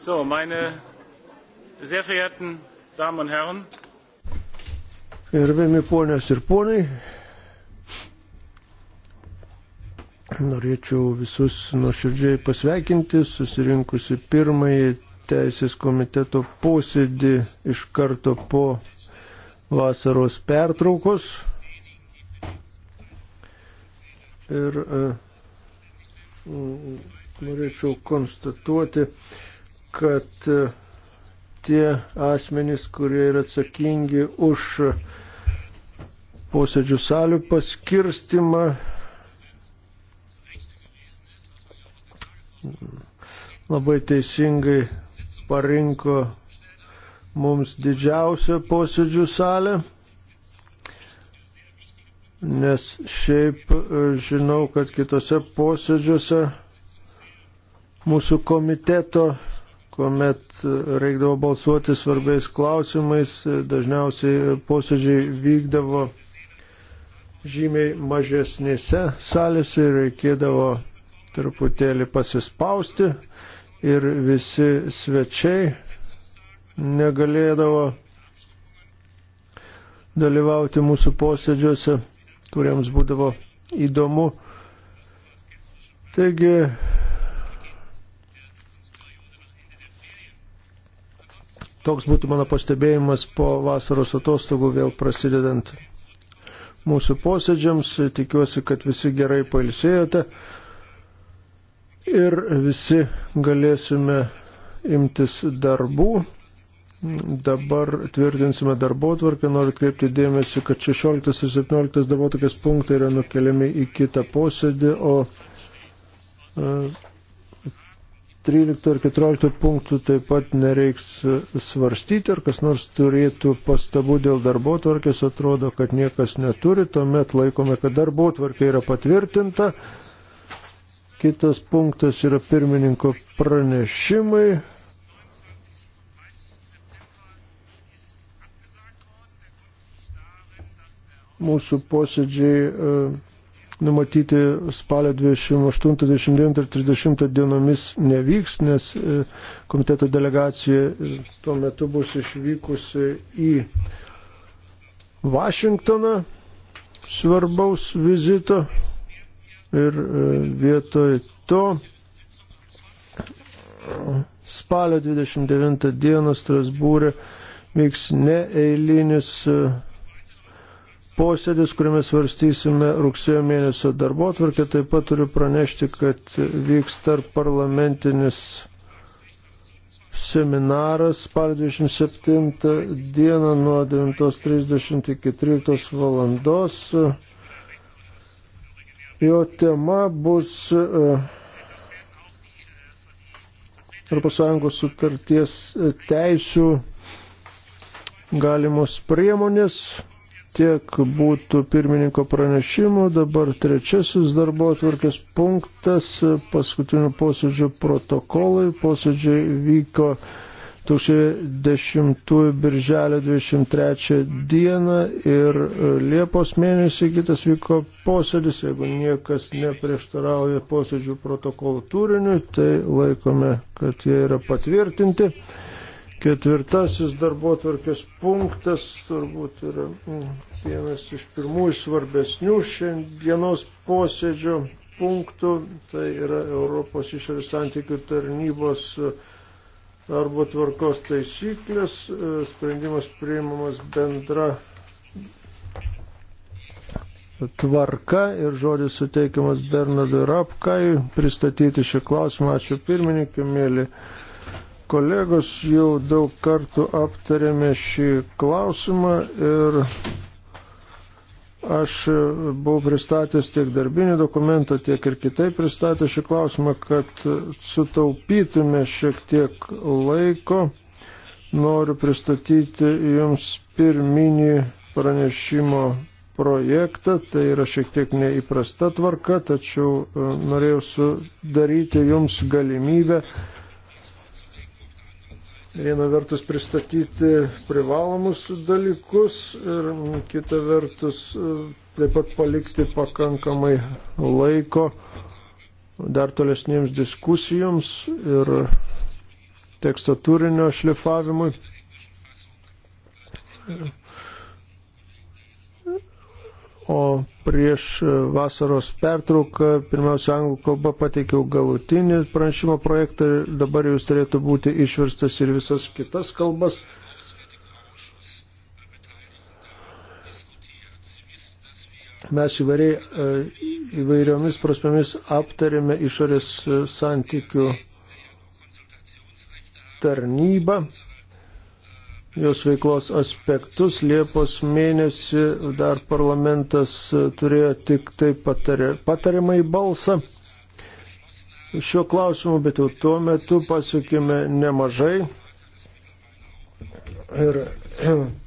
So, meine sehr verehrten Damen und Herren. Gerbiami ponios ir ponai, norėčiau visus nuoširdžiai pasveikinti susirinkusi pirmąjį teisės komiteto posėdį iš karto po vasaros pertraukos. Ir e, norėčiau konstatuoti, e, kad e, tie asmenys, kurie yra atsakingi už posėdžių salių paskirstimą, labai teisingai parinko mums didžiausią posėdžių salę, nes šiaip e, žinau, kad kitose posėdžiuose mūsų komiteto kuomet reikdavo balsuoti svarbiais klausimais, dažniausiai posėdžiai vykdavo žymiai mažesnėse salėse ir reikėdavo truputėlį pasispausti ir visi svečiai negalėdavo dalyvauti mūsų posėdžiuose, kuriems būdavo įdomu. Taigi Toks būtų mano pastebėjimas po vasaros atostogų vėl prasidedant mūsų posėdžiams. Tikiuosi, kad visi gerai pailsėjote ir visi galėsime imtis darbų. Dabar tvirtinsime darbo tvarkę, noriu kreipti dėmesį, kad 16 ir 17 darbo tokias punktai yra nukeliami į kitą posėdį, o e, 13 ir 14 punktų taip pat nereiks e, svarstyti, ar kas nors turėtų pastabų dėl darbo tvarkės, atrodo, kad niekas neturi, tuomet laikome, kad darbo tvarkė yra patvirtinta. Kitas punktas yra pirmininko pranešimai. Mūsų posėdžiai. Uh, numatyti spalio 28, 29 ir 30 dienomis nevyks, nes e, komiteto delegacija tuo metu bus išvykusi į Vašingtoną svarbaus vizito ir e, vietoj to spalio 29 dieną Strasbūrė vyks neeilinis e, posėdis, kuriame svarstysime rugsėjo mėnesio darbo atvarkę. Taip pat turiu pranešti, kad vyks tarp parlamentinis seminaras spalio 27 dieną nuo 9.30 iki 13 valandos. Jo tema bus ES sutarties teisių galimos priemonės tiek būtų pirmininko pranešimų. Dabar trečiasis darbo atvarkės punktas - paskutinių posėdžių protokolai. Posėdžiai vyko 2010 birželio 23 dieną ir Liepos mėnesį kitas vyko posėdis. Jeigu niekas neprieštarauja posėdžių protokolų turiniu, tai laikome, kad jie yra patvirtinti. Ketvirtasis darbo tvarkės punktas turbūt yra mm, vienas iš pirmųjų svarbesnių šiandienos posėdžio punktų. Tai yra Europos išorės santykių tarnybos e, darbo tvarkos taisyklės. E, sprendimas priimamas bendra tvarka ir žodis suteikiamas Bernardui Rapkai pristatyti šį klausimą. Ačiū pirmininkė, mėly Kolegos jau daug kartų aptarėme šį klausimą ir aš buvau pristatęs tiek darbinį dokumentą, tiek ir kitaip pristatęs šį klausimą, kad sutaupytume šiek tiek laiko. Noriu pristatyti Jums pirminį pranešimo projektą, tai yra šiek tiek neįprasta tvarka, tačiau e, norėjau sudaryti Jums galimybę viena vertus pristatyti privalomus dalykus ir kita vertus e, taip pat palikti pakankamai laiko dar tolesniems diskusijoms ir teksto turinio šlifavimui o prieš vasaros pertrauką pirmiausia anglų kalba pateikiau galutinį pranešimo projektą ir dabar jūs turėtų būti išverstas ir visas kitas kalbas. Mes įvairiai, e, įvairiomis prasmėmis aptarėme išorės e, santykių tarnybą jos veiklos aspektus. Liepos mėnesį dar parlamentas turėjo tik tai patarė, patariamai balsą šiuo klausimu, bet jau tuo metu pasiekime nemažai. Ir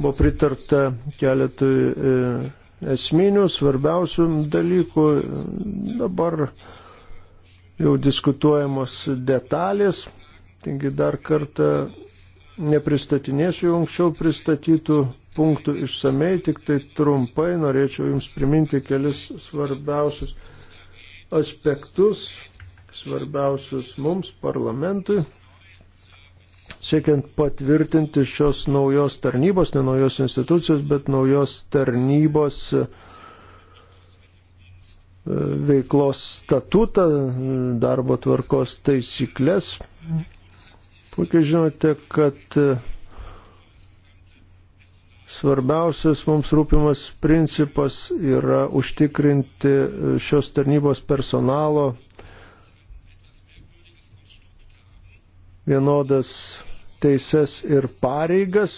buvo pritarta keletui e, esminių, svarbiausių dalykų. Dabar jau diskutuojamos detalės. Taigi dar kartą nepristatinėsiu jau anksčiau pristatytų punktų išsamei, tik tai trumpai norėčiau Jums priminti kelis svarbiausius aspektus, svarbiausius mums, parlamentui, siekiant patvirtinti šios naujos tarnybos, ne naujos institucijos, bet naujos tarnybos e, veiklos statutą, e, darbo tvarkos taisyklės. Mhm Puikiai žinote, kad e, svarbiausias mums rūpimas principas yra užtikrinti e, šios tarnybos personalo vienodas teises ir pareigas,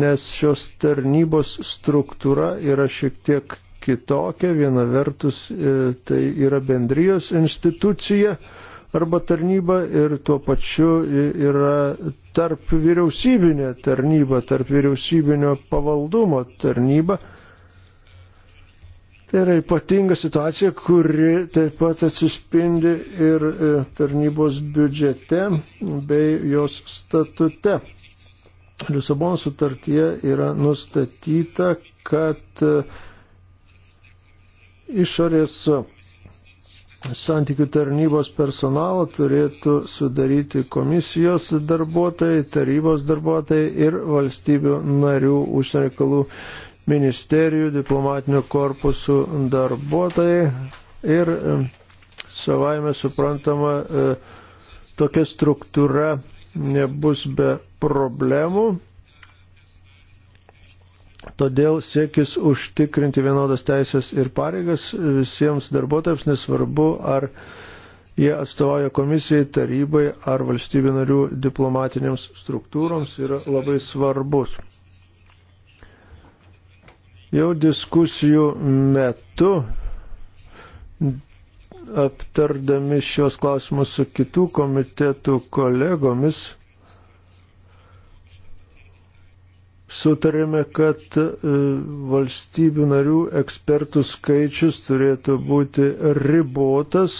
nes šios tarnybos struktūra yra šiek tiek kitokia. Viena vertus e, tai yra bendrijos institucija, arba tarnyba ir tuo pačiu yra tarp vyriausybinė tarnyba, tarp vyriausybinio pavaldumo tarnyba. Tai yra ypatinga situacija, kuri taip pat atsispindi ir e, tarnybos biudžete bei jos statute. Lisabono sutartyje yra nustatyta, kad e, išorės santykių tarnybos personalą turėtų sudaryti komisijos darbuotojai, tarybos darbuotojai ir valstybių narių užsienio reikalų ministerijų, diplomatinių korpusų darbuotojai. Ir e, savaime suprantama, e, tokia struktūra nebus be problemų Todėl siekis užtikrinti vienodas teisės ir pareigas visiems darbuotojams, nesvarbu, ar jie atstovauja komisijai, tarybai ar valstybių narių diplomatinėms struktūroms, yra labai svarbus. Jau diskusijų metu aptardami šios klausimus su kitų komitetų kolegomis sutarėme, kad e, valstybių narių ekspertų skaičius turėtų būti ribotas.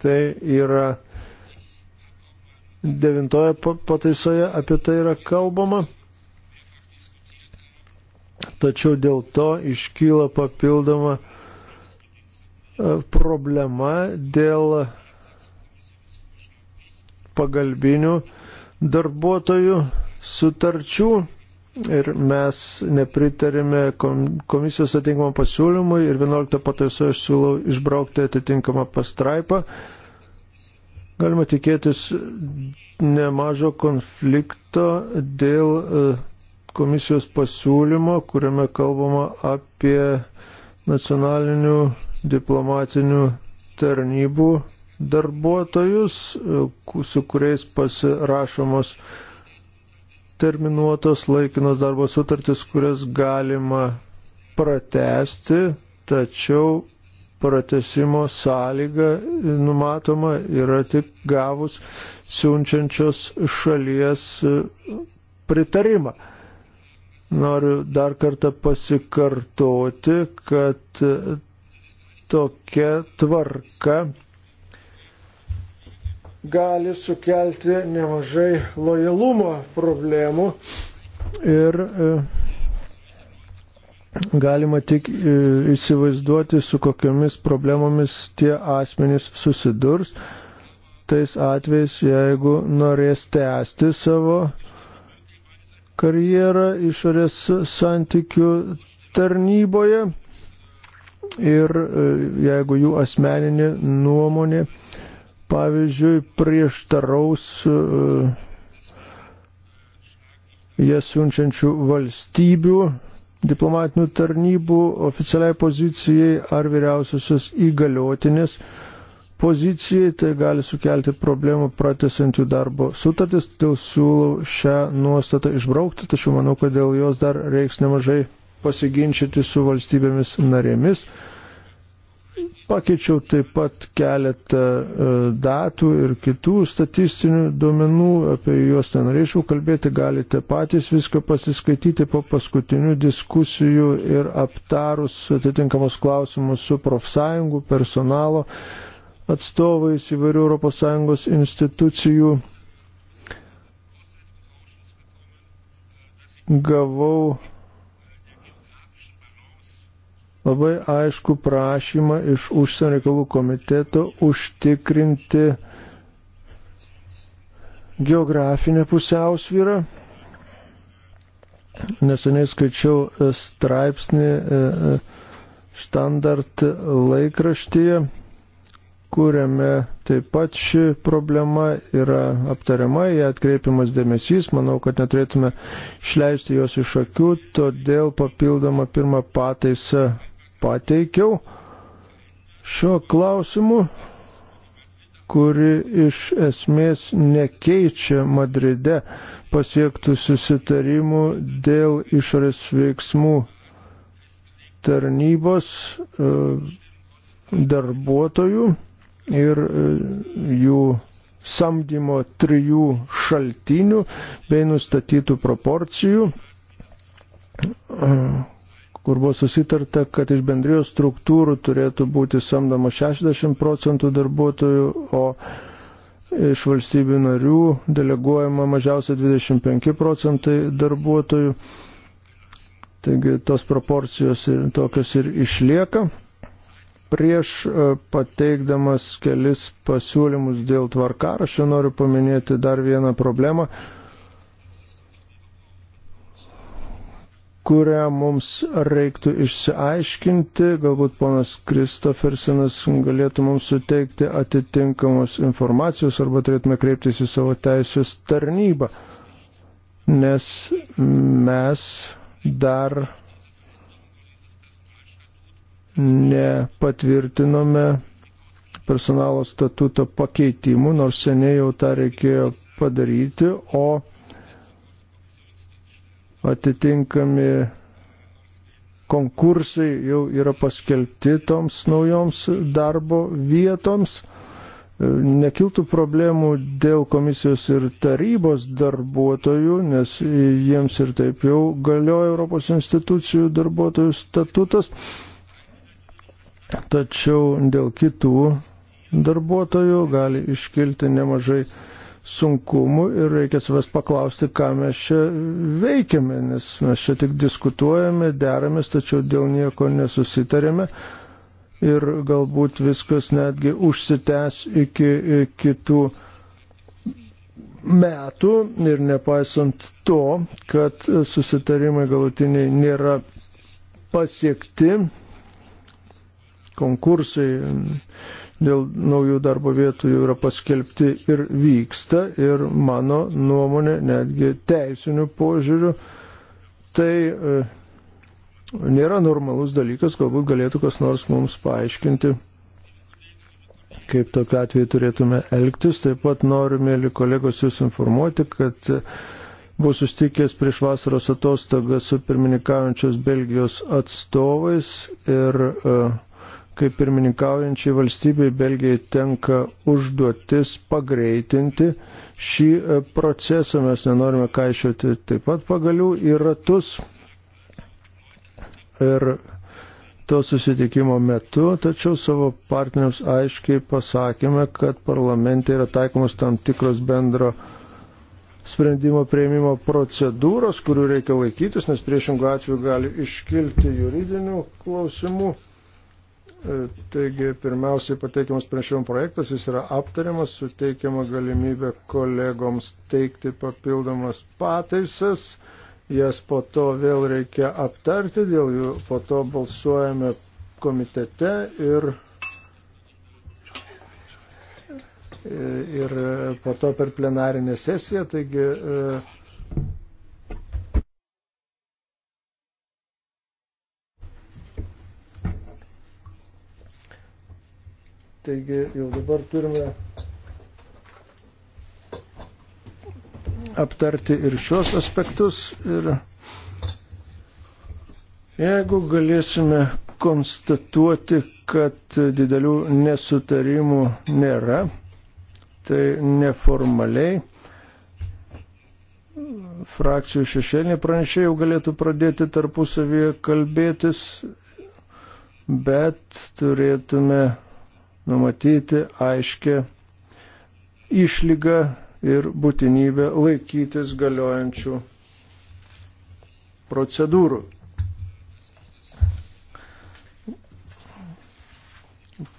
Tai yra devintoje pataisoje apie tai yra kalbama. Tačiau dėl to iškyla papildoma e, problema dėl pagalbinių darbuotojų sutarčių ir mes nepritarėme komisijos atitinkamam pasiūlymui ir 11 pataisoje aš siūlau išbraukti atitinkamą pastraipą. Galima tikėtis nemažo konflikto dėl e, komisijos pasiūlymo, kuriame kalbama apie nacionalinių diplomatinių tarnybų darbuotojus, e, su kuriais pasirašomos terminuotos laikinos darbo sutartys, kurias galima pratesti, tačiau pratesimo sąlyga numatoma yra tik gavus siunčiančios šalies e, pritarimą. Noriu dar kartą pasikartoti, kad e, tokia tvarka gali sukelti nemažai lojalumo problemų ir e, galima tik e, įsivaizduoti, su kokiamis problemomis tie asmenys susidurs, tais atvejais, jeigu norės tęsti savo karjerą išorės santykių tarnyboje ir e, jeigu jų asmeninė nuomonė uh, pavyzdžiui, prieštaraus e, jas siunčiančių valstybių diplomatinių tarnybų oficialiai pozicijai ar vyriausiosios įgaliotinės pozicijai, tai gali sukelti problemų pratesant jų darbo sutartis, todėl siūlau šią nuostatą išbraukti, tačiau manau, kad dėl jos dar reiks nemažai pasiginčyti su valstybėmis narėmis. Pakeičiau taip pat keletą e, datų ir kitų statistinių duomenų, apie juos nenorėčiau kalbėti, galite patys viską pasiskaityti po paskutinių diskusijų ir aptarus atitinkamus klausimus su profsąjungų personalo atstovais įvairių ES institucijų. Gavau labai aišku prašymą iš užsienio reikalų komiteto užtikrinti geografinę pusiausvyrą. Neseniai skaičiau e, straipsnį e, e, Standard laikraštyje, kuriame taip pat ši problema yra aptariama, jie atkreipiamas dėmesys, manau, kad neturėtume išleisti jos iš akių, todėl papildoma pirmą pataisą pateikiau šiuo klausimu, kuri iš esmės nekeičia Madride pasiektų susitarimų dėl išorės veiksmų tarnybos e, darbuotojų ir e, jų samdymo trijų šaltinių bei nustatytų proporcijų, kur buvo susitarta, kad iš bendrijos struktūrų turėtų būti samdoma 60 procentų darbuotojų, o iš valstybių narių deleguojama mažiausiai 25 procentai darbuotojų. Taigi tos proporcijos ir tokios ir išlieka. Prieš e, pateikdamas kelis pasiūlymus dėl tvarkarašio noriu paminėti dar vieną problemą kurią mums reiktų išsiaiškinti. Galbūt ponas Kristofersenas galėtų mums suteikti atitinkamos informacijos arba turėtume kreiptis į savo teisės tarnybą, nes mes dar nepatvirtinome personalo statuto pakeitimų, nors seniai jau tą reikėjo padaryti, o atitinkami konkursai jau yra paskelbti toms naujoms darbo vietoms. E, nekiltų problemų dėl komisijos ir tarybos darbuotojų, nes jiems ir taip jau galioja Europos institucijų darbuotojų statutas, tačiau dėl kitų darbuotojų gali iškilti nemažai sunkumų ir reikia savęs paklausti, ką mes čia veikiame, nes mes čia tik diskutuojame, deramės, tačiau dėl nieko nesusitarėme ir galbūt viskas netgi užsitęs iki e, kitų metų ir nepaisant to, kad susitarimai galutiniai nėra pasiekti, konkursai dėl naujų darbo vietų jau yra paskelbti ir vyksta ir mano nuomonė netgi teisinių požiūrių tai e, nėra normalus dalykas, galbūt galėtų kas nors mums paaiškinti, kaip tokiu atveju turėtume elgtis. Taip pat noriu, mėly kolegos, jūs informuoti, kad e, buvau sustikęs prieš vasaros atostogą su pirmininkaujančios Belgijos atstovais ir uh, kaip pirmininkaujančiai valstybei Belgijai tenka užduotis pagreitinti šį e, procesą, mes nenorime kaišioti taip pat pagalių į ratus. Ir to susitikimo metu, tačiau savo partneriams aiškiai pasakėme, kad parlamente yra taikomas tam tikros bendro sprendimo prieimimo procedūros, kurių reikia laikytis, nes priešingų atveju gali iškilti juridinių klausimų E, taigi, pirmiausiai pateikiamas pranešimo projektas, jis yra aptariamas, suteikiama galimybė kolegoms teikti papildomas pataisas, jas po to vėl reikia aptarti, dėl jų po to balsuojame komitete ir, e, ir po to per plenarinę sesiją. Taigi, e, Taigi jau dabar turime aptarti ir šios aspektus. Ir jeigu galėsime konstatuoti, kad didelių nesutarimų nėra, tai neformaliai frakcijų šešėlinį pranešėjų galėtų pradėti tarpusavyje kalbėtis, bet turėtume numatyti aiškę išlygą ir būtinybę laikytis galiojančių procedūrų.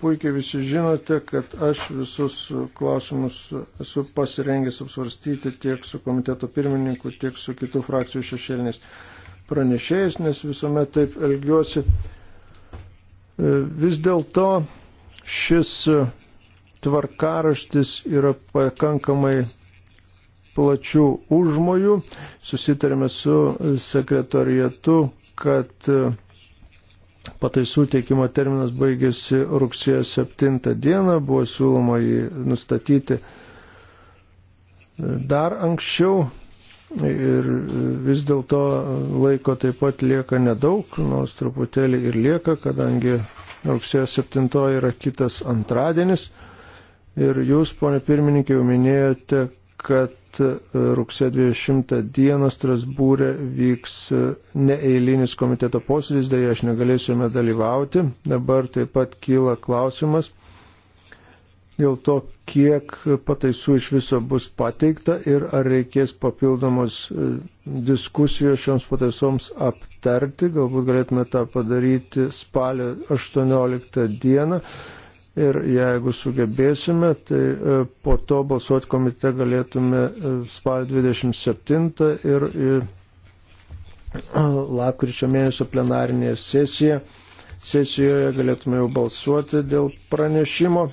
Puikiai visi žinote, kad aš visus klausimus esu pasirengęs apsvarstyti tiek su komiteto pirmininku, tiek su kitų frakcijų šešėliniais pranešėjais, nes visuomet taip elgiuosi. Vis dėlto Šis e, tvarkaraštis yra pakankamai plačių užmojų. Susitarėme su e, sekretorietu, kad e, pataisų teikimo terminas baigėsi rugsėjo 7 dieną, buvo siūloma jį nustatyti dar anksčiau ir vis dėlto laiko taip pat lieka nedaug, nors truputėlį ir lieka, kadangi Rugsėjo 7 yra kitas antradienis. Ir jūs, ponė pirmininkė, jau minėjote, kad e, rugsėjo 20 dieną Strasbūrė vyks e, neeilinis komiteto posėdis, dėja aš negalėsiu jame dalyvauti. Dabar taip pat kyla klausimas dėl to, kiek pataisų iš viso bus pateikta ir ar reikės papildomos e, diskusijos šioms pataisoms aptarti aptarti, galbūt galėtume tą padaryti spalio 18 dieną. Ir jeigu sugebėsime, tai e, po to balsuoti komitete galėtume e, spalio 27 ir e, lapkričio mėnesio plenarinėje sesijoje. Sesijoje galėtume jau balsuoti dėl pranešimo.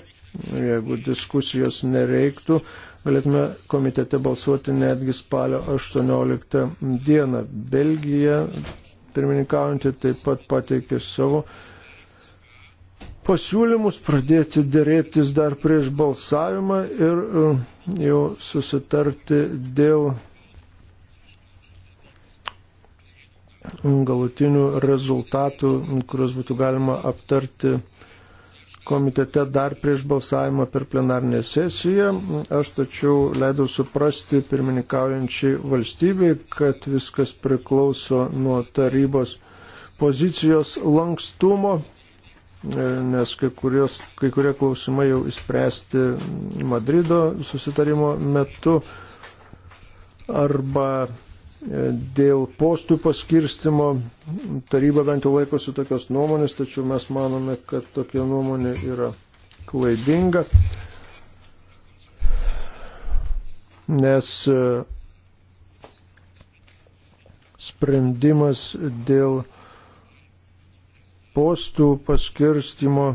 Jeigu diskusijos nereiktų, galėtume komitete balsuoti netgi spalio 18 dieną. Belgija pirmininkaujantį taip pat pateikė savo pasiūlymus pradėti dėrėtis dar prieš balsavimą ir e, jau susitarti dėl galutinių rezultatų, kuriuos būtų galima aptarti komitete dar prieš balsavimą per plenarnę sesiją. Aš tačiau leidau suprasti pirmininkaujančiai valstybei, kad viskas priklauso nuo tarybos pozicijos lankstumo, e, nes kai, kurios, kai kurie klausimai jau įspręsti Madrido susitarimo metu arba Dėl postų paskirstimo taryba bent jau laikosi tokios nuomonės, tačiau mes manome, kad tokia nuomonė yra klaidinga, nes e, sprendimas dėl postų paskirstimo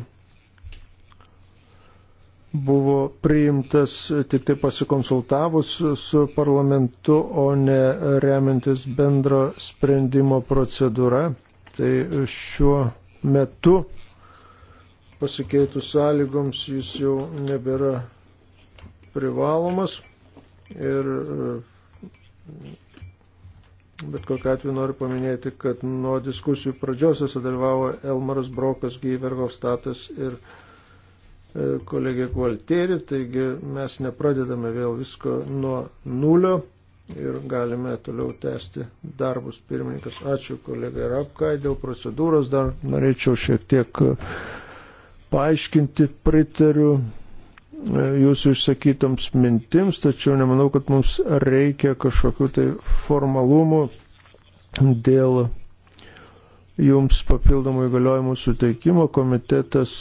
buvo priimtas tik tai pasikonsultavus su parlamentu, o ne remiantis bendro sprendimo procedūra. Tai šiuo metu pasikeitus sąlygoms jis jau nebėra privalomas. Ir e, bet kokiu atveju noriu paminėti, kad nuo diskusijų pradžios susidalyvavo Elmaras Brokas, Gyvergovstatas ir E, kolegė Kvaltieri, taigi mes nepradedame vėl visko nuo nulio ir galime toliau tęsti darbus. Pirmininkas, ačiū kolegai Rapkai, dėl procedūros dar norėčiau šiek tiek e, paaiškinti, pritariu e, jūsų išsakytoms mintims, tačiau nemanau, kad mums reikia kažkokių tai formalumų dėl jums papildomų įgaliojimų suteikimo. Komitetas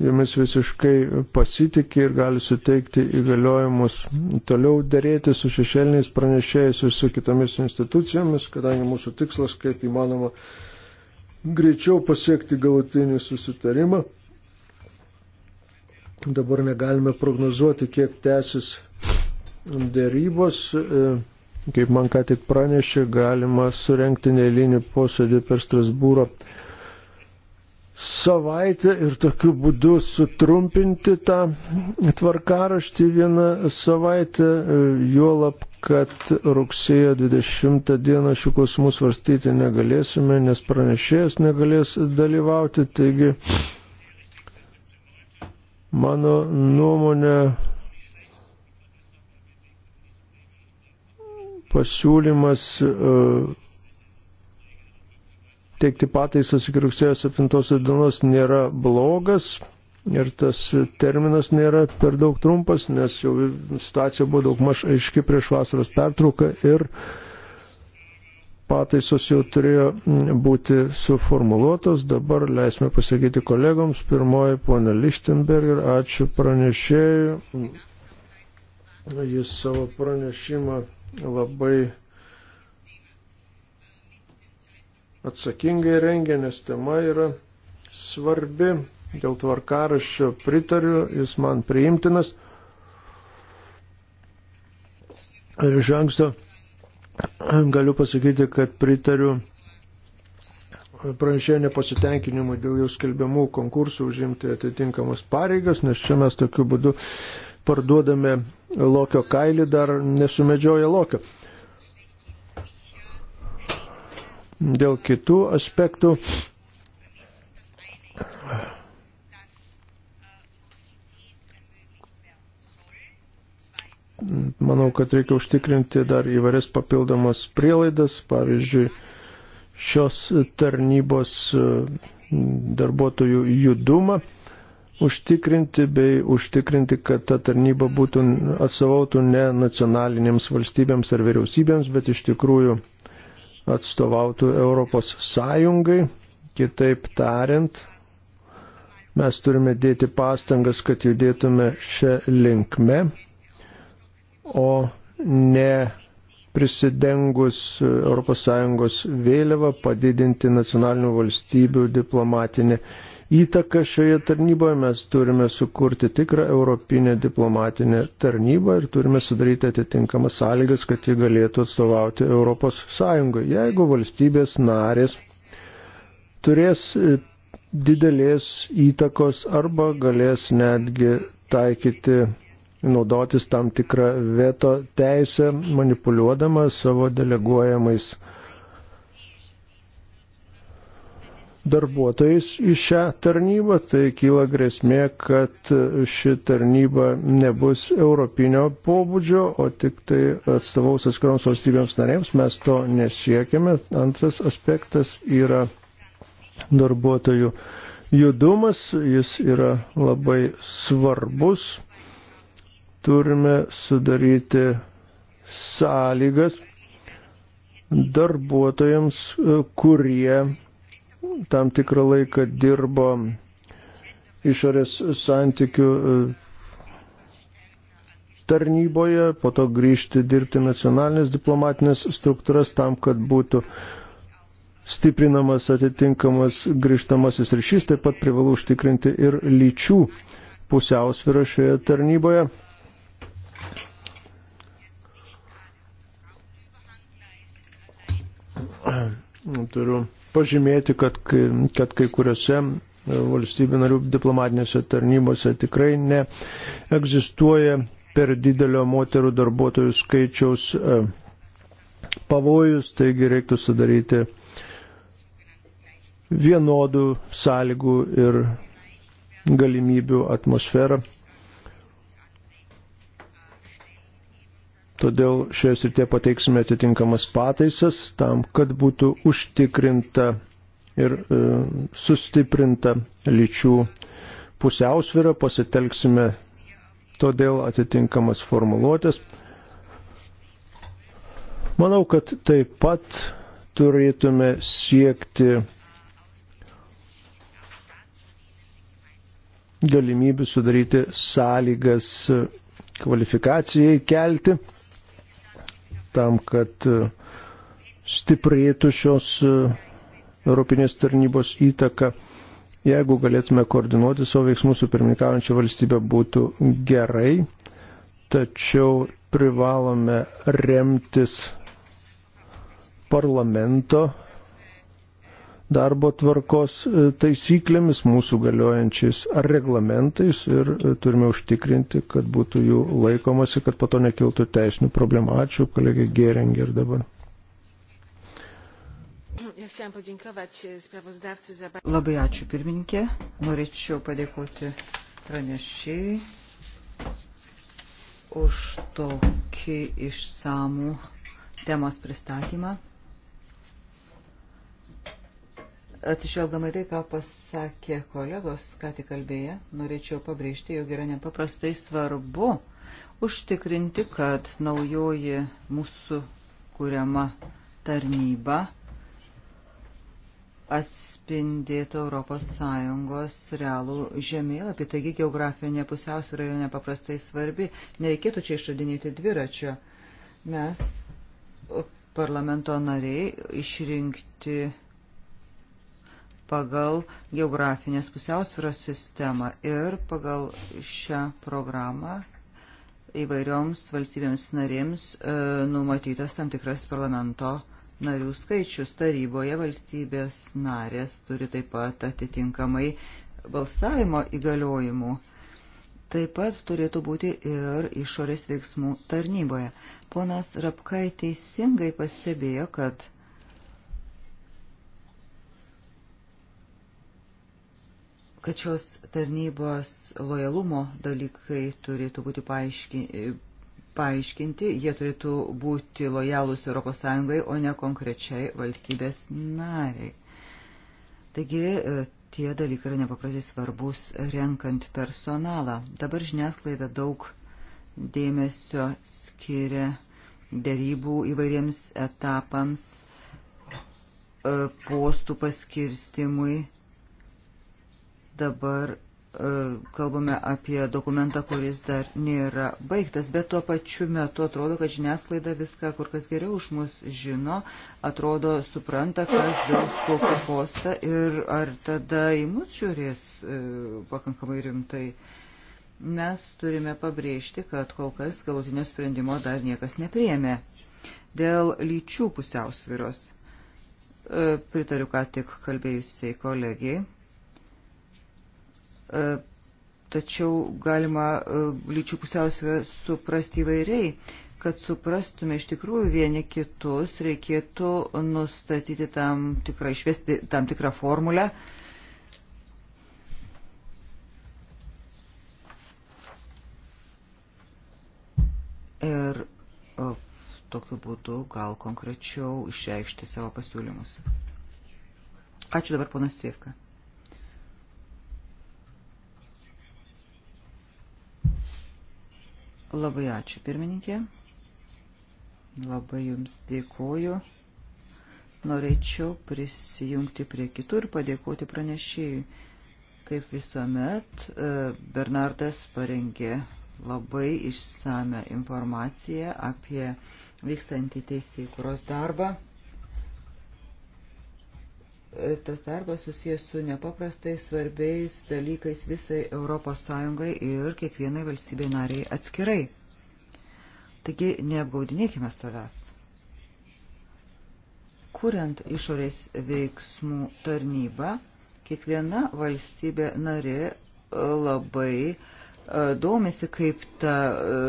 jomis visiškai pasitikė ir gali suteikti įgaliojimus toliau dėrėti su šešėliniais pranešėjais ir su kitomis institucijomis, kadangi mūsų tikslas, kaip įmanoma, greičiau pasiekti galutinį susitarimą. Dabar negalime prognozuoti, kiek tęsis dėrybos. Kaip man ką tik pranešė, galima surenkti neįlinį posėdį per Strasbūrą savaitę ir tokiu būdu sutrumpinti tą tvarkaraštį vieną savaitę, e, juolab, kad rugsėjo 20 dieną šių klausimų svarstyti negalėsime, nes pranešėjas negalės dalyvauti. Taigi, mano nuomonė, pasiūlymas uh, teikti pataisas iki rugsėjo 7 dienos nėra blogas ir tas terminas nėra per daug trumpas, nes jau situacija buvo daug maž aiški prieš vasaros pertrauką ir pataisos jau turėjo būti suformuluotos. Dabar leisime pasakyti kolegoms. Pirmoji ponė Lichtenberger, ačiū pranešėjui. Jis savo pranešimą labai atsakingai rengia, nes tema yra svarbi. Dėl tvarkaraščio pritariu, jis man priimtinas. Ir iš anksto galiu pasakyti, kad pritariu pranešėjo nepasitenkinimui dėl jau skelbiamų konkursų užimti atitinkamas pareigas, nes čia mes tokiu būdu parduodame lokio kailį, dar nesumedžioja lokio. dėl kitų aspektų. Manau, kad reikia užtikrinti dar įvairias papildomas prielaidas, pavyzdžiui, šios tarnybos e, darbuotojų judumą užtikrinti bei užtikrinti, kad ta tarnyba būtų atsavautų ne nacionalinėms valstybėms ar vyriausybėms, bet iš tikrųjų atstovautų Europos Sąjungai. Kitaip tariant, mes turime dėti pastangas, kad judėtume šią linkmę, o ne prisidengus ES vėliavą padidinti nacionalinių valstybių diplomatinį įtaką šioje tarnyboje. Mes turime sukurti tikrą europinę diplomatinę tarnybą ir turime sudaryti atitinkamas sąlygas, kad ji galėtų atstovauti Europos Sąjungoje. Jeigu valstybės narės turės e, didelės įtakos arba galės netgi taikyti naudotis tam tikrą veto teisę, manipuliuodama savo deleguojamais darbuotojais į šią tarnybą, tai kyla grėsmė, kad ši tarnyba nebus europinio pobūdžio, o tik tai atstovaus atskiroms valstybėms narėms. Mes to nesiekime. Antras aspektas yra darbuotojų judumas. Jis yra labai svarbus. Turime sudaryti sąlygas darbuotojams, kurie tam tikrą laiką dirbo išorės santykių e, tarnyboje, po to grįžti dirbti nacionalinės diplomatinės struktūras tam, kad būtų stiprinamas atitinkamas grįžtamasis ryšys, taip pat privalu užtikrinti ir lyčių pusiausvyrą šioje tarnyboje. Turiu pažymėti, kad, kad kai kuriuose e, valstybių narių diplomatinėse tarnybose tikrai neegzistuoja per didelio moterų darbuotojų skaičiaus e, pavojus, taigi reiktų sudaryti vienodų sąlygų ir galimybių atmosferą Todėl šioje srityje pateiksime atitinkamas pataisas tam, kad būtų užtikrinta ir e, sustiprinta lyčių pusiausvyrą, pasitelksime todėl atitinkamas formuluotės. Manau, kad taip pat turėtume siekti galimybių sudaryti sąlygas kvalifikacijai kelti tam, kad e, stiprėtų šios e, Europinės tarnybos įtaka. Jeigu galėtume koordinuoti savo veiksmus su pirmininkaujančia valstybė, būtų gerai, tačiau privalome remtis parlamento darbo tvarkos e, taisyklėmis, mūsų galiojančiais ar reglamentais ir e, turime užtikrinti, kad būtų jų laikomasi, kad po to nekiltų teisinių problemų. Ačiū, kolegė Geringer dabar. E, Labai ačiū pirmininkė. Norėčiau padėkoti pranešėjai už tokį išsamų temos pristatymą. Atsižvelgdama į tai, ką pasakė kolegos, ką tik kalbėję, norėčiau pabrėžti, jog yra nepaprastai svarbu užtikrinti, kad naujoji mūsų kuriama tarnyba atspindėtų ES realų žemėlapį. Taigi geografinė pusiausvyrą yra nepaprastai svarbi. Nereikėtų čia išradinėti dviračio. Mes, parlamento nariai, išrinkti pagal geografinės pusiausvyros sistemą ir pagal šią programą įvairioms valstybėms narėms e, numatytas tam tikras parlamento narių skaičius. Taryboje valstybės narės turi taip pat atitinkamai balsavimo įgaliojimų. Taip pat turėtų būti ir išorės veiksmų tarnyboje. Ponas Rapkai teisingai pastebėjo, kad kad šios tarnybos lojalumo dalykai turėtų būti paaiškinti, paaiškinti jie turėtų būti lojalūs ES, o ne konkrečiai valstybės nariai. Taigi e, tie dalykai yra nepaprastai svarbus renkant personalą. Dabar žiniasklaida daug dėmesio skiria dėrybų įvairiems etapams, e, postų paskirstimui Dabar e, kalbame apie dokumentą, kuris dar nėra baigtas, bet tuo pačiu metu atrodo, kad žiniasklaida viską kur kas geriau už mus žino, atrodo, supranta, kas gaus kokį postą ir ar tada į mus žiūrės e, pakankamai rimtai. Mes turime pabrėžti, kad kol kas galutinio sprendimo dar niekas nepriemė. Dėl lyčių pusiausviros e, pritariu ką tik kalbėjusiai kolegijai E, tačiau galima e, lyčių pusiausvę suprasti įvairiai. Kad suprastume iš tikrųjų vieni kitus, reikėtų nustatyti tam tikrą, išvesti tam tikrą formulę, ir o, tokiu būdu gal konkrečiau išreikšti savo pasiūlymus. Ačiū dabar, ponas Cvėvka. Labai ačiū, pirmininkė. Labai Jums dėkoju. Norėčiau prisijungti prie kitų ir padėkoti pranešėjui. Kaip visuomet, e, Bernardas parengė labai išsame informaciją apie vykstantį teisėjų kuros darbą tas darbas susijęs su nepaprastai svarbiais dalykais visai ES ir kiekvienai valstybei nariai atskirai. Taigi neapgaudinėkime savęs. Kuriant išorės veiksmų tarnybą, kiekviena valstybė narė e, labai e, domisi, kaip ta e,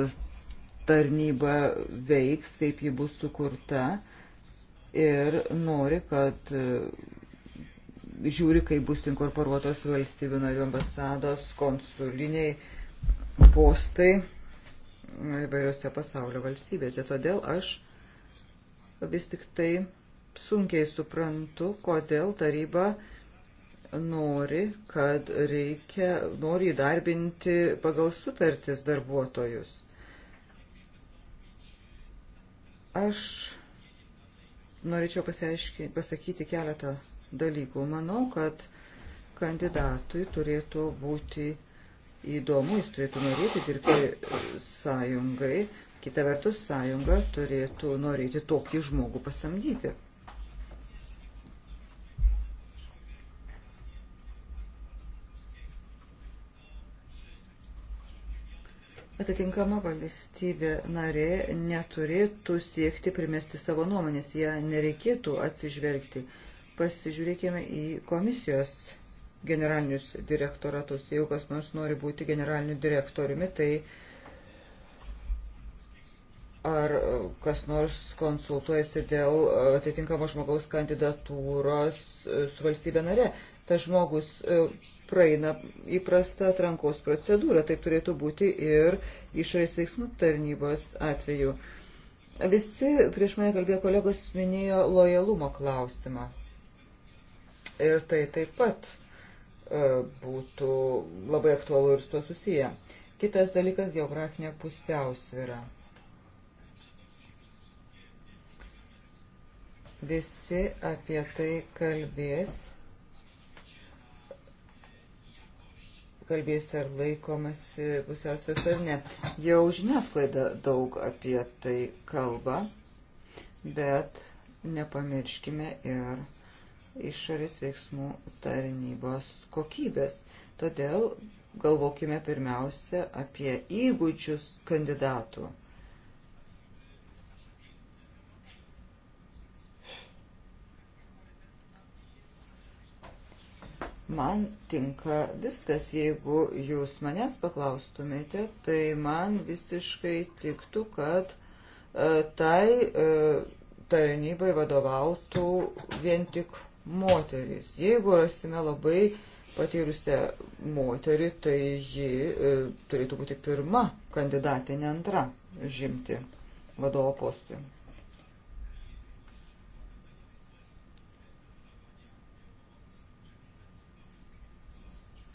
tarnyba veiks, kaip ji bus sukurta ir nori, kad žiūri, kai bus inkorporuotos valstybių narių ambasados, konsuliniai postai įvairiose pasaulio valstybėse. Todėl aš vis tik tai sunkiai suprantu, kodėl taryba nori, kad reikia, nori įdarbinti pagal sutartis darbuotojus. Aš norėčiau pasakyti keletą dalykų. Manau, kad kandidatui turėtų būti įdomu, jis turėtų norėti dirbti sąjungai, kita vertus sąjunga turėtų norėti tokį žmogų pasamdyti. Atitinkama valstybė narė neturėtų siekti primesti savo nuomonės, ją nereikėtų atsižvelgti pasižiūrėkime į komisijos generalinius direktoratus. Jeigu kas nors nori būti generaliniu direktoriumi, tai ar kas nors konsultuojasi dėl atitinkamo žmogaus kandidatūros su valstybė nare. Tas žmogus e, praeina įprastą atrankos procedūrą, taip turėtų būti ir išorės veiksmų tarnybos atveju. Visi prieš mane kalbėjo kolegos minėjo lojalumo klausimą. Ir tai taip pat e, būtų labai aktualu ir su tuo susiję. Kitas dalykas - geografinė pusiausvyrą. Visi apie tai kalbės. kalbės ar laikomasi pusiausvės ar ne. Jau žiniasklaida daug apie tai kalba, bet nepamirškime ir išorės veiksmų tarnybos kokybės. Todėl galvokime pirmiausia apie įgūdžius kandidatų. Man tinka viskas, jeigu jūs manęs paklaustumėte, tai man visiškai tiktų, kad e, tai e, tarnybai vadovautų vien tik moteris. Jeigu rasime labai patyrusią moterį, tai ji e, turėtų būti pirma kandidatė, ne antra žimti vadovo postui.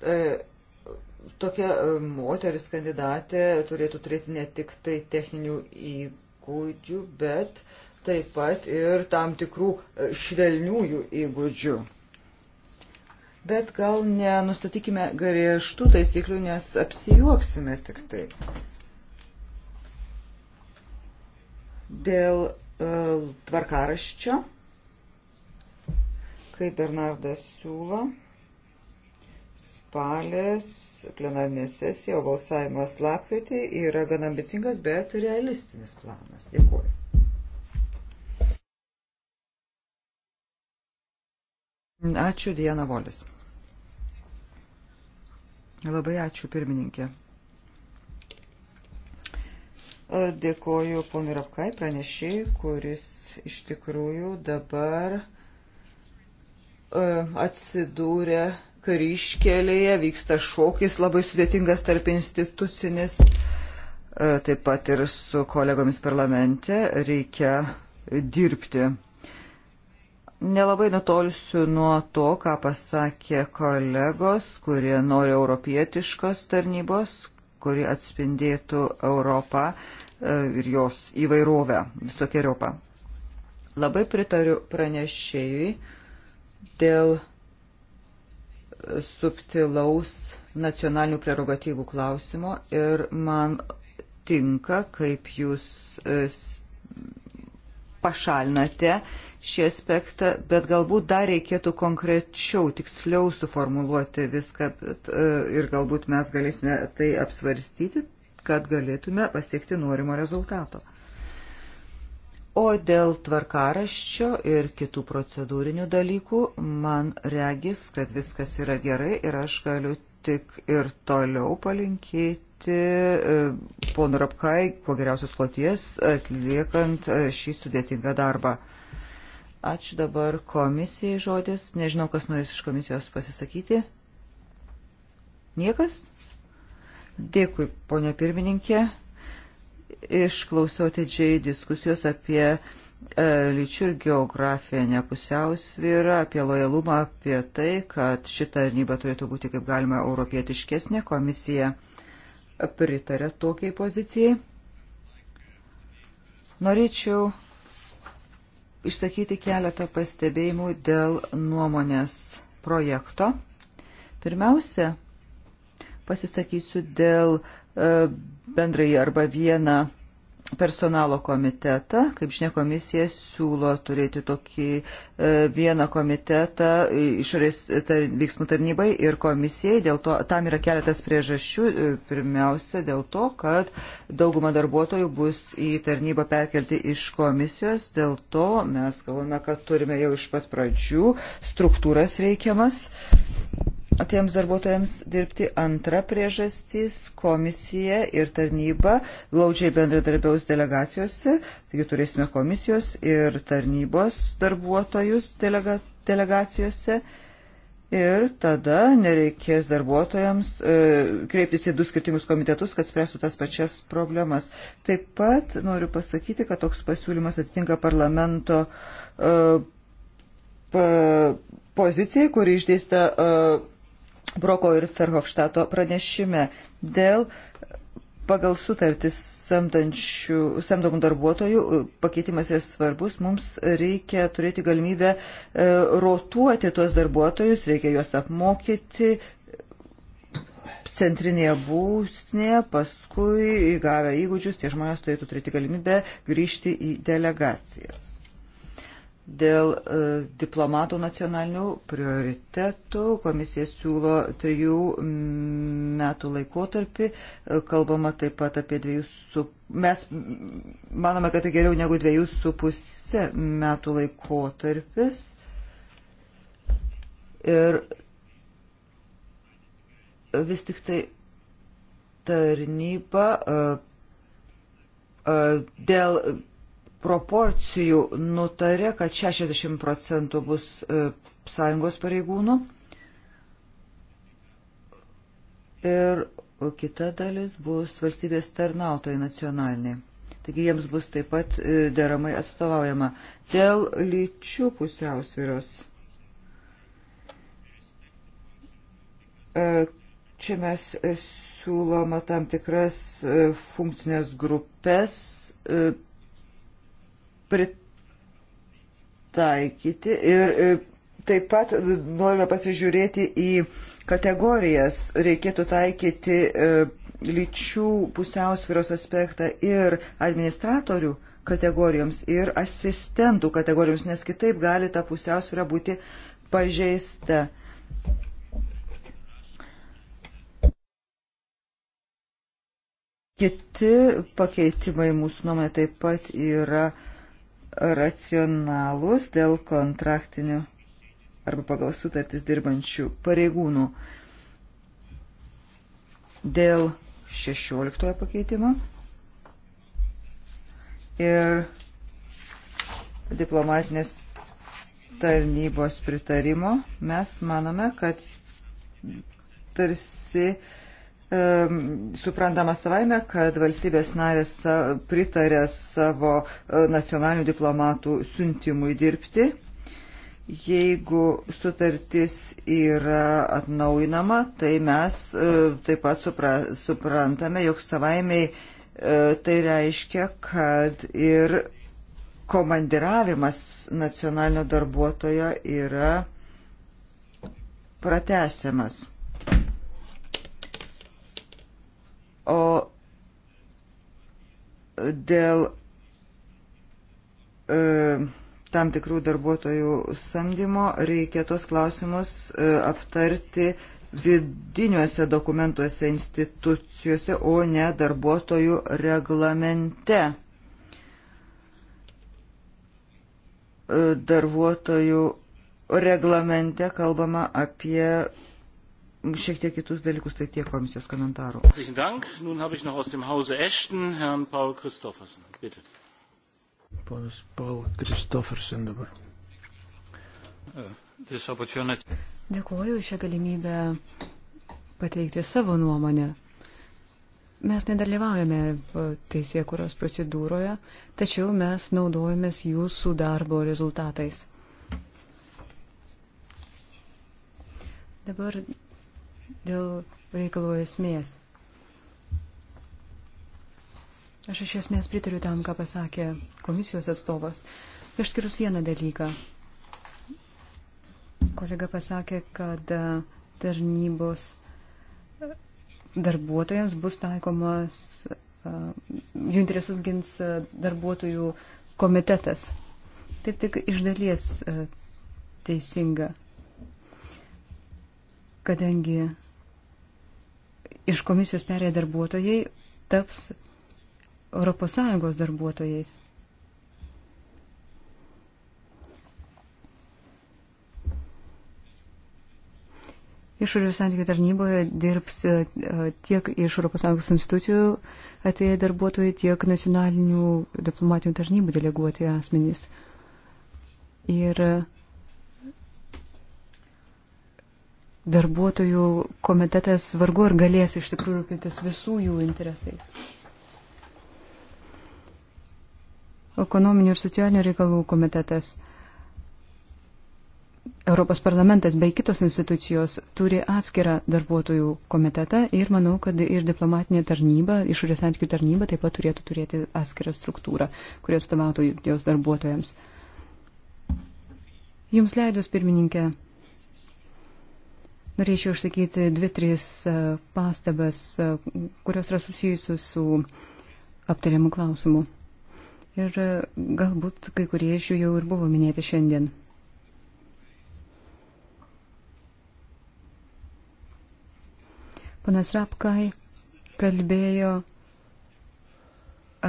E, tokia e, moteris kandidatė turėtų turėti ne tik tai techninių įgūdžių, bet e, taip pat ir tam tikrų e, švelniųjų įgūdžių. Bet gal nenustatykime griežtų taisyklių, nes apsijuoksime tik tai. Dėl uh, tvarkaraščio, kaip Bernardas siūlo, spalės plenarinė sesija, o balsavimas lapkritį yra gan ambicingas, bet realistinis planas. Dėkuoju. Ačiū, Diena Volis. Labai ačiū, pirmininkė. Dėkoju ponui Rapkai pranešėjai, kuris iš tikrųjų dabar atsidūrė kryškelėje, vyksta šokis labai sudėtingas tarp institucinis, taip pat ir su kolegomis parlamente reikia dirbti nelabai nutolsiu nuo to, ką pasakė kolegos, kurie nori europietiškos tarnybos, kuri atspindėtų Europą e, ir jos įvairovę visokiojopą. Labai pritariu pranešėjui dėl subtilaus nacionalinių prerogatyvų klausimo ir man tinka, kaip jūs e, pašalinate uh, šį aspektą, bet galbūt dar reikėtų konkrečiau, tiksliau suformuluoti viską bet, e, ir galbūt mes galėsime tai apsvarstyti, kad galėtume pasiekti norimo rezultato. O dėl tvarkaraščio ir kitų procedūrinių dalykų man regis, kad viskas yra gerai ir aš galiu tik ir toliau palinkėti e, ponu Rapkai kuo geriausios kloties atliekant e, šį sudėtingą darbą. Ačiū dabar komisijai žodis. Nežinau, kas norės iš komisijos pasisakyti. Niekas? Dėkui, ponia pirmininkė. Išklausiau atidžiai diskusijos apie e, lyčių ir geografinę pusiausvyrą, apie lojalumą, apie tai, kad šita tarnyba turėtų būti kaip galima europietiškesnė. Komisija pritarė tokiai pozicijai. Norėčiau išsakyti keletą pastebėjimų dėl nuomonės projekto. Pirmiausia, pasisakysiu dėl e, bendrai arba vieną personalo komitetą. Kaip žinia, komisija siūlo turėti tokį e, vieną komitetą išorės tar, veiksmų tarnybai ir komisijai. Dėl to tam yra keletas priežasčių. E, pirmiausia, dėl to, kad dauguma darbuotojų bus į tarnybą perkelti iš komisijos. Dėl to mes galvome, kad turime jau iš pat pradžių struktūras reikiamas tiems darbuotojams dirbti. Antra priežastis - komisija ir tarnyba glaudžiai bendradarbiaus delegacijose, taigi turėsime komisijos ir tarnybos darbuotojus delega, delegacijose. Ir tada nereikės darbuotojams e, kreiptis į du skirtingus komitetus, kad spręstų tas pačias problemas. Taip pat noriu pasakyti, kad toks pasiūlymas atitinka parlamento e, pa, pozicijai, kuri išdėsta uh, Broko ir Ferhofštato pranešime dėl pagal sutartis samdomų darbuotojų e, pakeitimas yra svarbus, mums reikia turėti galimybę e, rotuoti tuos darbuotojus, reikia juos apmokyti centrinėje būsnėje, paskui įgavę įgūdžius tie žmonės turėtų turėti galimybę grįžti į delegacijas. Dėl e, diplomatų nacionalinių prioritetų komisija siūlo trijų metų laikotarpį, e, kalbama taip pat apie dviejų su... Mes manome, kad tai geriau negu dviejų su pusė metų laikotarpis. Ir vis tik tai tarnyba e, e dėl proporcijų nutarė, kad 60 procentų bus e, sąjungos pareigūnų. Ir kita dalis bus valstybės tarnautojai nacionaliniai. Taigi jiems bus taip pat e, deramai atstovaujama. Dėl lyčių pusiausviros. E, čia mes siūloma tam tikras funkcinės grupės pritaikyti ir e, taip pat norime pasižiūrėti į kategorijas. Reikėtų taikyti e, lyčių pusiausvyros aspektą ir administratorių kategorijoms ir asistentų kategorijoms, nes kitaip gali ta pusiausvyrą būti pažeista. Kiti pakeitimai mūsų nuomonė taip pat yra uh, racionalūs dėl kontraktinių arba pagal sutartis dirbančių pareigūnų. Dėl 16 pakeitimo ir diplomatinės tarnybos pritarimo mes manome, kad tarsi suprantama savaime, kad valstybės narės pritarė savo e, nacionalinių diplomatų siuntimui dirbti. Jeigu sutartis yra atnaujinama, tai mes e, taip pat supra, suprantame, jog savaimiai e, tai reiškia, kad ir komandiravimas nacionalinio darbuotojo yra pratesiamas. O dėl e, tam tikrų darbuotojų samdymo reikia tos klausimus e, aptarti vidiniuose dokumentuose institucijose, o ne darbuotojų reglamente. E, darbuotojų reglamente kalbama apie šiek tiek kitus dalykus, tai tiek komisijos komentarų. Ponas Paul Kristofersen dabar. Dėkuoju šią galimybę pateikti savo nuomonę. Mes nedalyvaujame teisėkuros procedūroje, tačiau mes naudojamės jūsų darbo rezultatais. Dabar dėl reikalų esmės. Aš iš esmės pritariu tam, ką pasakė komisijos atstovas. Išskirus vieną dalyką. Kolega pasakė, kad e, tarnybos e, darbuotojams bus taikomas, e, jų interesus gins darbuotojų komitetas. Taip tik iš dalies teisinga, kadangi iš komisijos perėję darbuotojai taps ES darbuotojais. Išorės santykių tarnyboje dirbs e, tiek iš ES institucijų atėję darbuotojai, tiek nacionalinių diplomatinių tarnybų deleguoti asmenys. Ir uh, darbuotojų komitetas vargu ar galės iš tikrųjų rūpintis visų jų interesais. Ekonominių ir socialinių reikalų komitetas, Europos parlamentas bei kitos institucijos turi atskirą darbuotojų komitetą ir manau, kad ir diplomatinė tarnyba, išorės santykių tarnyba taip pat turėtų turėti atskirą struktūrą, kurios atstovautų jos darbuotojams. Jums leidus, pirmininkė, Norėčiau išsakyti dvi, tris e, pastabas, e, kurios yra susijusios su aptariamu klausimu. Ir e, galbūt kai kurie iš jų jau ir buvo minėti šiandien. Panas Rapkai kalbėjo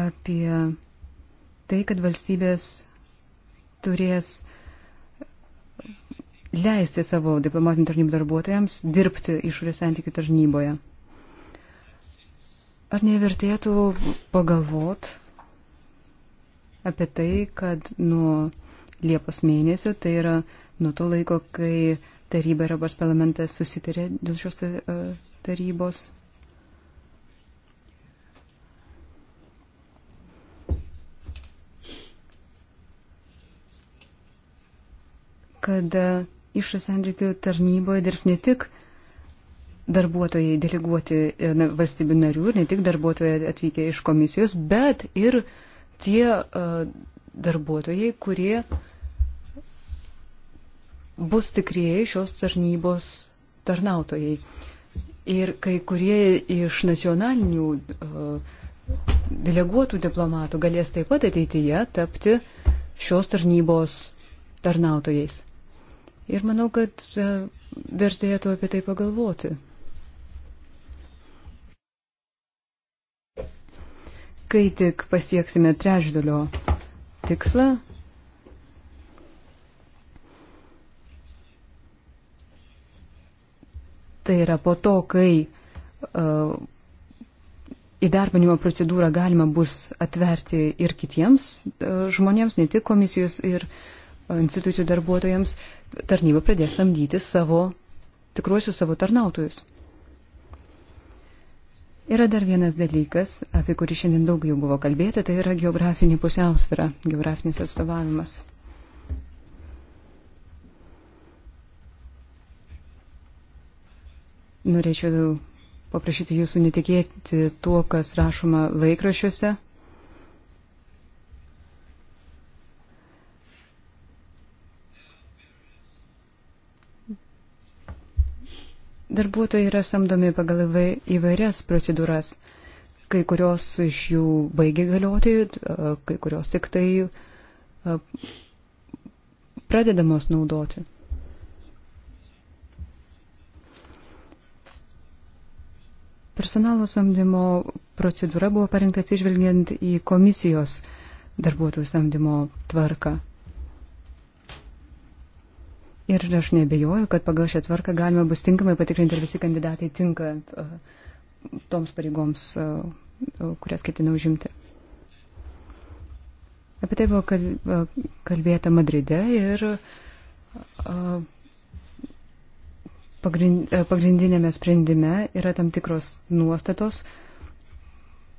apie tai, kad valstybės turės leisti savo diplomatinių tarnybų darbuotojams dirbti išorės santykių tarnyboje. Ar nevertėtų pagalvot apie tai, kad nuo Liepos mėnesio, tai yra nuo to laiko, kai taryba ir Europos parlamentas susitarė dėl šios e, tarybos, kad e, išorės santykių tarnyboje dirbs ne tik darbuotojai deleguoti e, valstybių narių, ne tik darbuotojai atvykę iš komisijos, bet ir tie uh, darbuotojai, kurie bus tikrieji šios tarnybos tarnautojai. Ir kai kurie iš nacionalinių uh, deleguotų diplomatų galės taip pat ateityje tapti šios tarnybos tarnautojais. Ir manau, kad e, vertėtų apie tai pagalvoti. Kai tik pasieksime trečdalio tikslą, tai yra po to, kai uh, įdarbinimo procedūrą galima bus atverti ir kitiems uh, žmonėms, ne tik komisijos ir uh, institucijų darbuotojams, uh, tarnyba pradės samdyti savo, tikruosius savo tarnautojus. Yra dar vienas dalykas, apie kurį šiandien daug jau buvo kalbėta, tai yra geografinė pusiausvėra, geografinis atstovavimas. Norėčiau paprašyti jūsų netikėti tuo, kas rašoma laikrašiuose Darbuotojai yra samdomi pagal įvairias procedūras. Kai kurios iš jų baigia galioti, kai kurios tik tai pradedamos naudoti. Personalo samdymo procedūra buvo parinkta atsižvelgiant į komisijos darbuotojų samdymo tvarką. Ir aš nebejoju, kad pagal šią tvarką galima bus tinkamai patikrinti, ar visi kandidatai tinka e, toms pareigoms, e, e, kurias ketina užimti. Apie tai buvo kalbėta Madride ir pagrindinėme sprendime yra tam tikros nuostatos,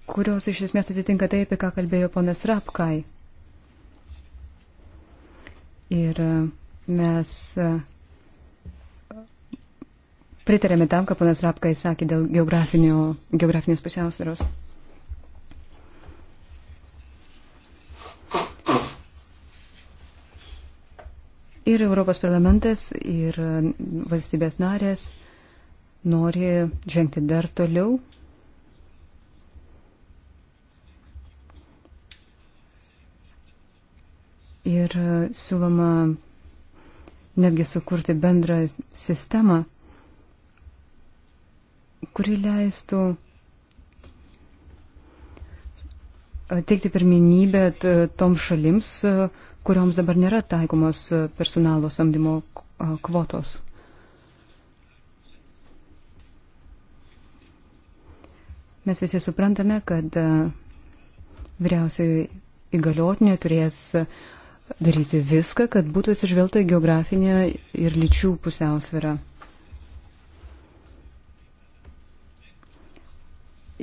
kurios iš esmės atitinka tai, apie ką kalbėjo ponas Rapkai. Ir uh, Mes e, pritarėme tam, ką ponas Rapkai sakė dėl geografinės pusiausvėros. Ir Europos parlamentas, ir e, valstybės narės nori žengti dar toliau. Ir e, siūloma netgi sukurti bendrą sistemą, kuri leistų e, teikti pirminybę toms šalims, e, kurioms dabar nėra taikomos e, personalo samdymo kvotos. Mes visi suprantame, kad vyriausiojo įgaliotinio turės daryti viską, kad būtų atsižvelgta geografinė ir lyčių pusiausvėra.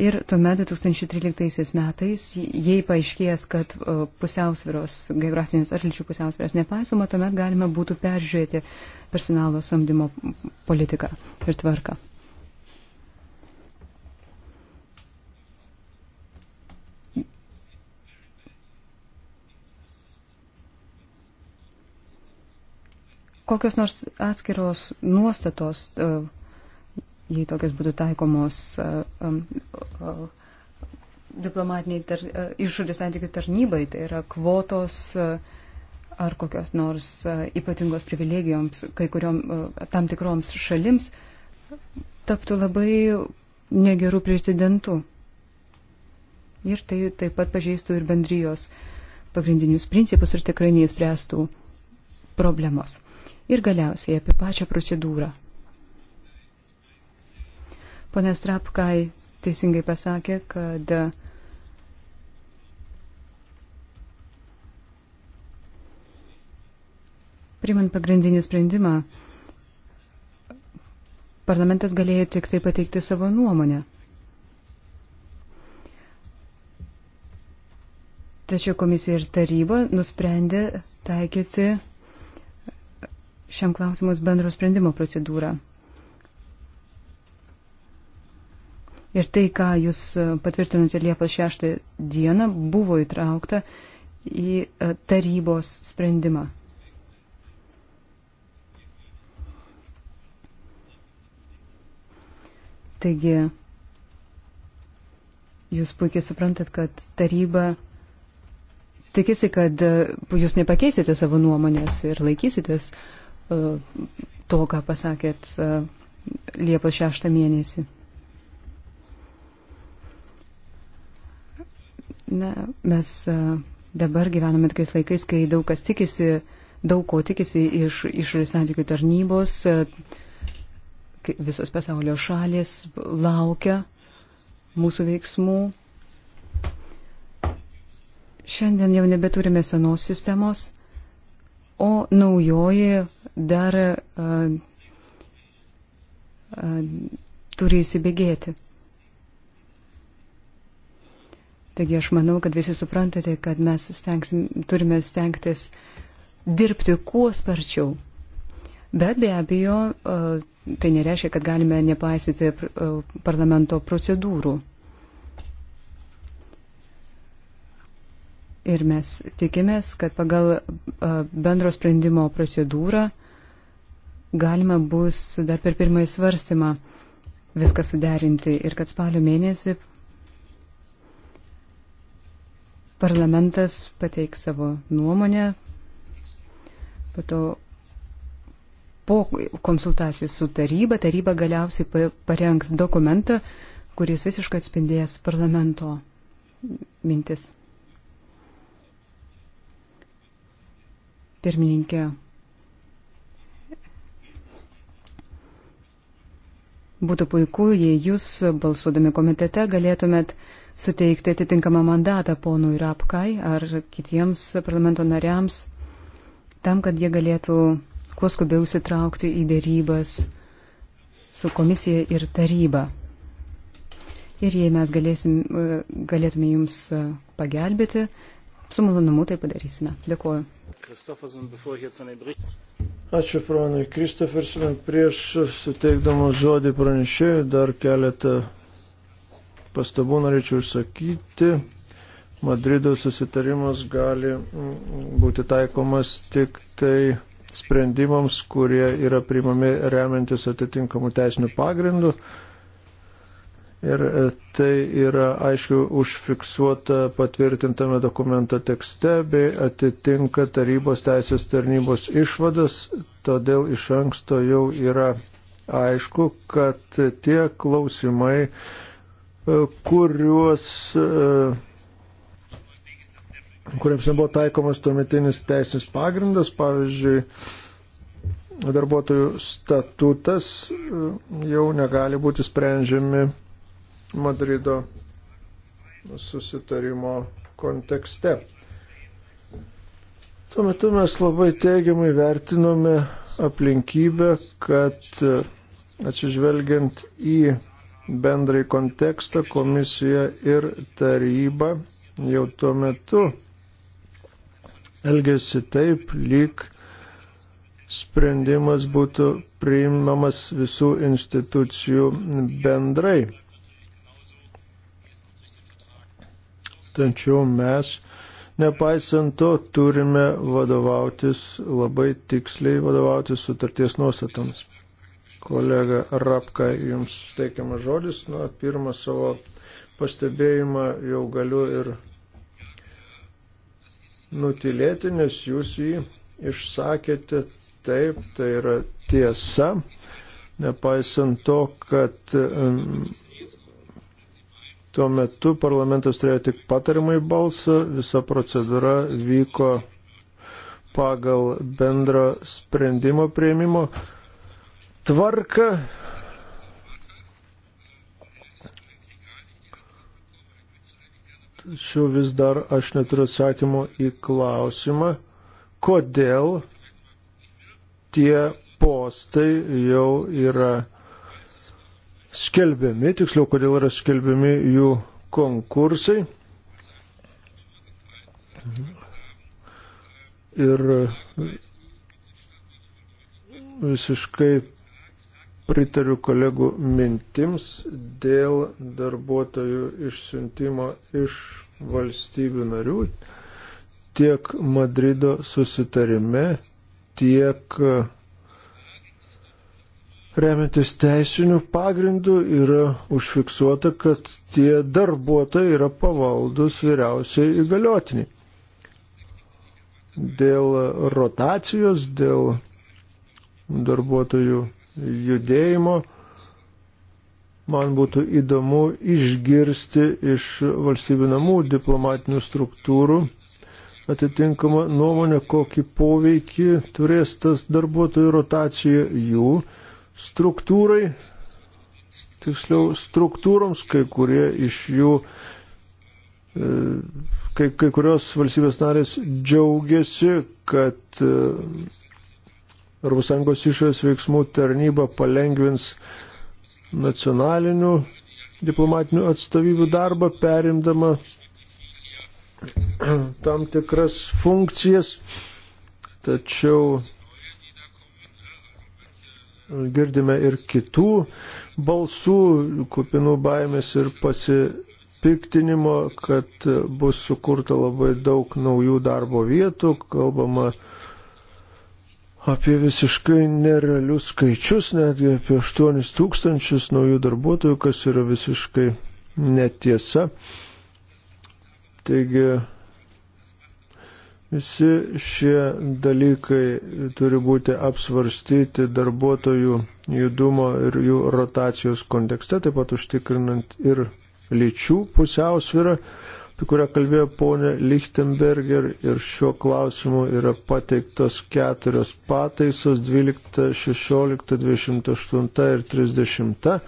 Ir tuomet 2013 metais, jei paaiškės, kad e, pusiausviros, geografinės ar lyčių pusiausviros nepaisoma, tuomet galima būtų peržiūrėti personalo samdymo politiką ir tvarką. kokios nors atskiros nuostatos, e, jei tokios būtų taikomos e, e, diplomatiniai tar, išorės santykių tarnybai, tai yra kvotos ar kokios nors ypatingos privilegijoms kai kuriom tam tikroms šalims, taptų labai negerų precedentų. Ir tai taip pat pažeistų ir bendrijos pagrindinius principus ir tikrai neįspręstų problemos. Ir galiausiai apie pačią procedūrą. Pone Strapkai teisingai pasakė, kad primant pagrindinį sprendimą, parlamentas galėjo tik tai pateikti savo nuomonę. Tačiau komisija ir taryba nusprendė taikyti šiam klausimus bendro sprendimo procedūrą. Ir tai, ką jūs e, patvirtinote Liepos 6 dieną, buvo įtraukta į e, tarybos sprendimą. Taigi, jūs puikiai suprantat, kad taryba tikisi, kad e, jūs nepakeisite savo nuomonės ir laikysitės uh, E, to, ką pasakėt e, Liepos 6 mėnesį. Na, mes e, dabar gyvename tokiais laikais, kai daug kas tikisi, daug ko tikisi iš išorės santykių tarnybos, visos pasaulio šalis laukia mūsų veiksmų. Šiandien jau nebeturime senos sistemos o naujoji dar uh, uh, turi įsibėgėti. Taigi aš manau, kad visi suprantate, kad mes stengsim, turime stengtis dirbti kuo sparčiau. Bet be abejo, uh, tai nereiškia, kad galime nepaisyti parlamento procedūrų. Ir mes tikimės, kad pagal bendro sprendimo procedūrą galima bus dar per pirmąjį svarstymą viską suderinti ir kad spalio mėnesį parlamentas pateiks savo nuomonę, po to po konsultacijų su taryba, taryba galiausiai parengs dokumentą, kuris visiškai atspindės parlamento mintis. pirmininkė. Būtų puiku, jei jūs, balsuodami komitete, galėtumėt suteikti atitinkamą mandatą ponui Rapkai ar kitiems parlamento nariams, tam, kad jie galėtų kuo skubiau sitraukti į dėrybas su komisija ir taryba. Ir jei mes galėsim, galėtume jums pagelbėti, su malonumu tai padarysime. Dėkuoju. Ačiū pranui Kristofersinui. Prieš suteikdamas žodį pranešėjui dar keletą pastabų norėčiau išsakyti. Madrido susitarimas gali būti taikomas tik tai sprendimams, kurie yra priimami remiantis atitinkamų teisinių pagrindų. Ir e, tai yra aišku užfiksuota patvirtintame dokumento tekste bei atitinka tarybos teisės tarnybos išvadas, todėl iš anksto jau yra aišku, kad tie klausimai, e, kuriuos e, kuriems nebuvo taikomas tuometinis teisinis pagrindas, pavyzdžiui, darbuotojų statutas jau negali būti sprendžiami Madrido susitarimo kontekste. Tuo metu mes labai teigiamai vertinome aplinkybę, kad atsižvelgiant į bendrai kontekstą komisija ir taryba jau tuo metu elgėsi taip, lyg sprendimas būtų priimamas visų institucijų bendrai. Tačiau mes, nepaisant to, turime vadovautis labai tiksliai, vadovautis sutarties nuostatoms. Kolega Rapka, jums teikiamas žodis, na, pirmą savo pastebėjimą jau galiu ir nutilėti, nes jūs jį išsakėte taip, tai yra tiesa, nepaisant to, kad Tuo metu parlamentas turėjo tik patarimai balsą, visa procedūra vyko pagal bendro sprendimo prieimimo tvarką. Tačiau vis dar aš neturiu atsakymo į klausimą, kodėl tie postai jau yra skelbiami, tiksliau, kodėl yra skelbiami jų konkursai. Ir visiškai pritariu kolegų mintims dėl darbuotojų išsiuntimo iš valstybių narių tiek Madrido susitarime, tiek uh, Remiantis teisiniu pagrindu yra užfiksuota, kad tie darbuotojai yra pavaldus vyriausiai įgaliotiniai. Dėl rotacijos, dėl darbuotojų judėjimo man būtų įdomu išgirsti iš valstybių namų diplomatinių struktūrų atitinkamą nuomonę, kokį poveikį turės tas darbuotojų rotacija jų struktūrai, tiksliau struktūroms, kai kurie iš jų, e, kai, kai kurios valstybės narės džiaugiasi, kad ES išorės veiksmų tarnyba palengvins nacionalinių diplomatinių atstovybių darbą, perimdama tam tikras funkcijas. Tačiau girdime ir kitų balsų, kupinų baimės ir pasipiktinimo, kad bus sukurta labai daug naujų darbo vietų, kalbama apie visiškai nerealius skaičius, netgi apie 8 tūkstančius naujų darbuotojų, kas yra visiškai netiesa. Taigi Visi šie dalykai turi būti apsvarstyti darbuotojų judumo ir jų rotacijos kontekste, taip pat užtikrinant ir lyčių pusiausvyrą, apie kurią kalbėjo ponė Lichtenberger ir šiuo klausimu yra pateiktos keturios pataisos 12, 16, 28 ir 30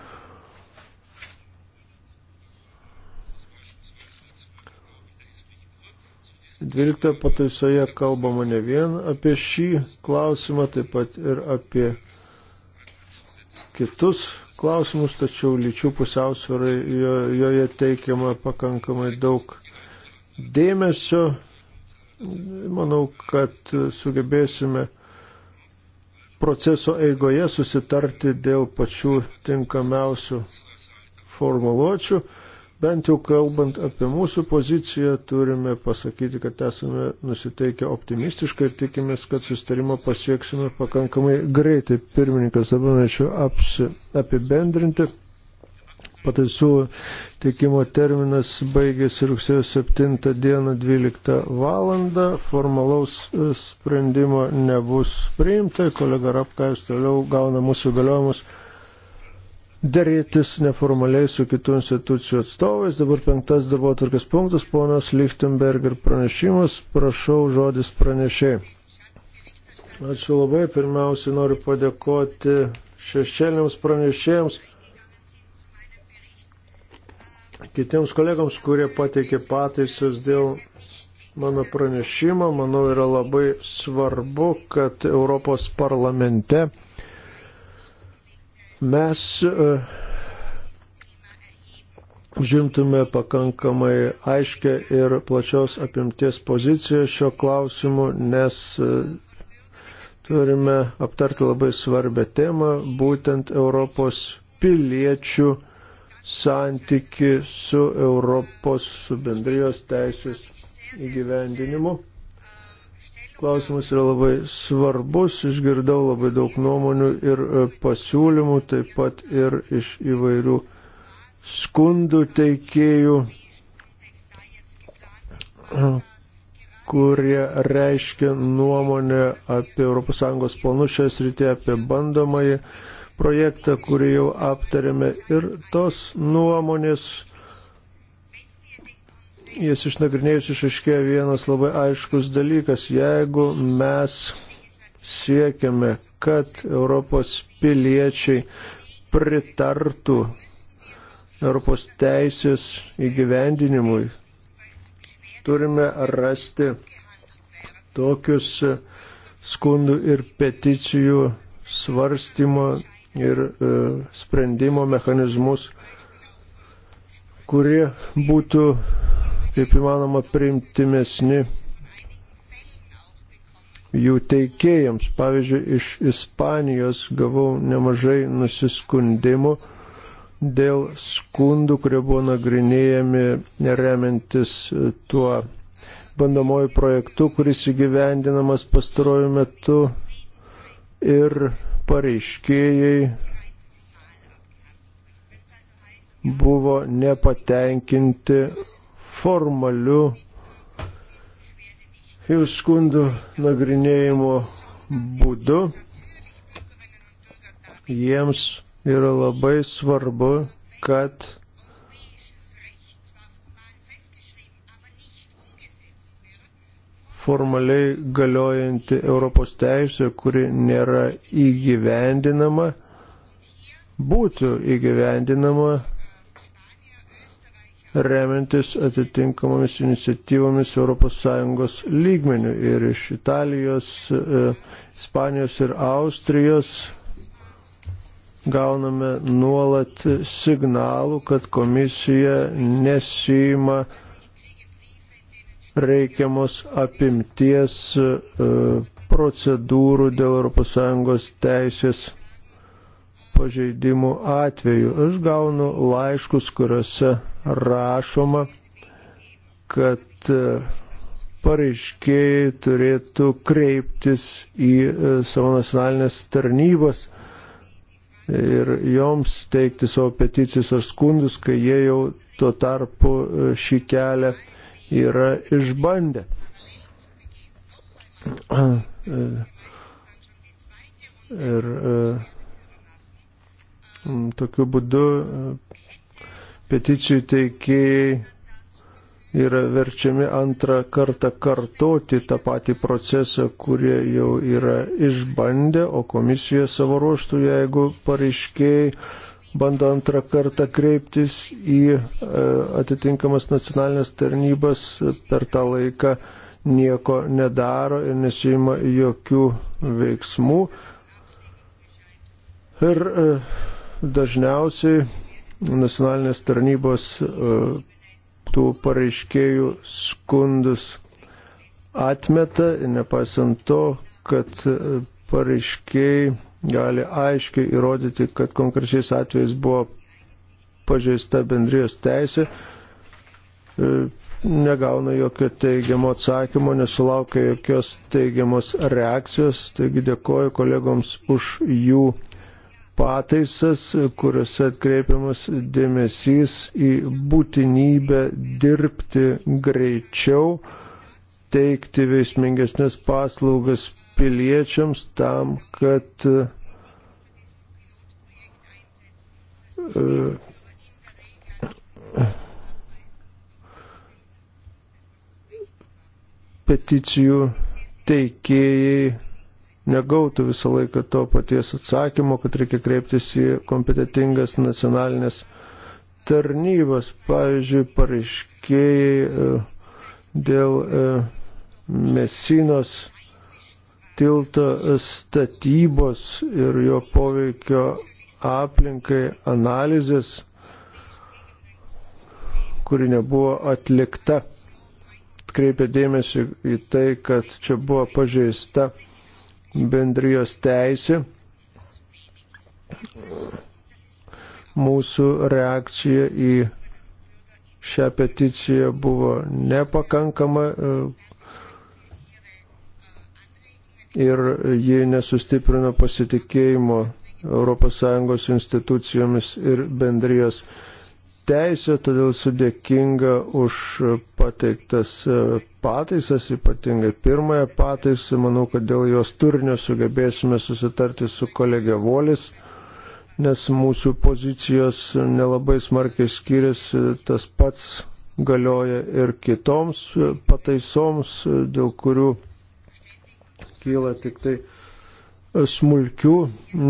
12 pataisoje kalbama ne vien apie šį klausimą, taip pat ir apie kitus klausimus, tačiau lyčių pusiausvėrai jo, joje teikiama pakankamai daug dėmesio. Manau, kad sugebėsime proceso eigoje susitarti dėl pačių tinkamiausių formuluočių. Bent jau kalbant apie mūsų poziciją, turime pasakyti, kad esame nusiteikę optimistiškai ir tikimės, kad sustarimo pasieksime pakankamai greitai. Pirmininkas, dabar norėčiau apibendrinti. Pataisų teikimo terminas baigėsi rugsėjo 7 dieną 12 valandą. Formalaus e, sprendimo nebus priimta. Kolega Rapkais toliau gauna mūsų galiojimus dėrėtis neformaliai su kitų institucijų atstovais. Dabar penktas darbo atvarkės punktas, ponas Lichtenberger pranešimas, prašau žodis pranešiai. Ačiū labai, pirmiausiai noriu padėkoti šešėliams pranešėjams, kitiems kolegams, kurie pateikė pataisas dėl mano pranešimo. Manau, yra labai svarbu, kad Europos parlamente mes e, žimtume pakankamai aiškę ir plačios apimties poziciją šio klausimu, nes e, turime aptarti labai svarbę temą, būtent Europos piliečių santyki su Europos, su bendrijos teisės įgyvendinimu. Klausimas yra labai svarbus, išgirdau labai daug nuomonių ir e, pasiūlymų, taip pat ir iš įvairių skundų teikėjų, kurie reiškia nuomonę apie ES planus šią sritį, apie bandomąjį projektą, kurį jau aptarėme. Ir tos nuomonės jas išnagrinėjus išaiškėjo vienas labai aiškus dalykas. Jeigu mes siekiame, kad Europos piliečiai pritartų Europos teisės įgyvendinimui, turime rasti tokius skundų ir peticijų svarstymo ir e, sprendimo mechanizmus, kurie būtų kaip įmanoma priimtimesni jų teikėjams. Pavyzdžiui, iš Ispanijos gavau nemažai nusiskundimų dėl skundų, kurie buvo nagrinėjami remiantis tuo bandomoju projektu, kuris įgyvendinamas pastaruoju metu ir pareiškėjai buvo nepatenkinti formaliu jų skundų nagrinėjimo būdu. Jiems yra labai svarbu, kad formaliai galiojanti Europos teisė, kuri nėra įgyvendinama, būtų įgyvendinama remiantis atitinkamomis iniciatyvomis ES lygmenių ir iš Italijos, e, Ispanijos ir Austrijos gauname nuolat signalų, kad komisija nesima reikiamos apimties e, procedūrų dėl ES teisės pažeidimų atveju. Aš gaunu laiškus, kuriuose rašoma, kad e, pareiškėjai turėtų kreiptis į e, savo nacionalinės tarnybas ir joms teikti savo peticijas ar skundus, kai jie jau tuo tarpu e, šį kelią yra išbandę. Ir tokiu būdu peticijų teikėjai yra verčiami antrą kartą kartoti tą patį procesą, kurie jau yra išbandę, o komisija savo ruoštų, jeigu pareiškiai bando antrą kartą kreiptis į e, atitinkamas nacionalinės tarnybas, per tą laiką nieko nedaro ir nesima jokių veiksmų. Ir e, dažniausiai nacionalinės tarnybos e, tų pareiškėjų skundus atmeta, nepaisant to, kad e, pareiškėjai gali aiškiai įrodyti, kad konkrečiais atvejais buvo pažeista bendrijos teisė, e, negauna jokio teigiamo atsakymo, nesulaukia jokios teigiamos reakcijos, taigi dėkoju kolegoms už jų pataisas, kuriuose atkreipiamas dėmesys į būtinybę dirbti greičiau, teikti veiksmingesnės paslaugas piliečiams tam, kad e, peticijų teikėjai negautų visą laiką to paties atsakymo, kad reikia kreiptis į kompetitingas nacionalinės tarnybas, pavyzdžiui, pareiškėjai e, dėl e, mesinos tilto statybos ir jo poveikio aplinkai analizės, kuri nebuvo atlikta. Kreipia dėmesį į tai, kad čia buvo pažeista bendrijos teisė. Mūsų reakcija į šią peticiją buvo nepakankama e, ir ji nesustiprino pasitikėjimo ES institucijomis ir bendrijos teisė teisė, todėl sudėkinga už pateiktas e, pataisas, ypatingai pirmąją pataisą. Manau, kad dėl jos turinio sugebėsime susitarti su kolegė Volis, nes mūsų pozicijos nelabai smarkiai skiriasi, tas pats galioja ir kitoms pataisoms, dėl kurių kyla tik tai smulkių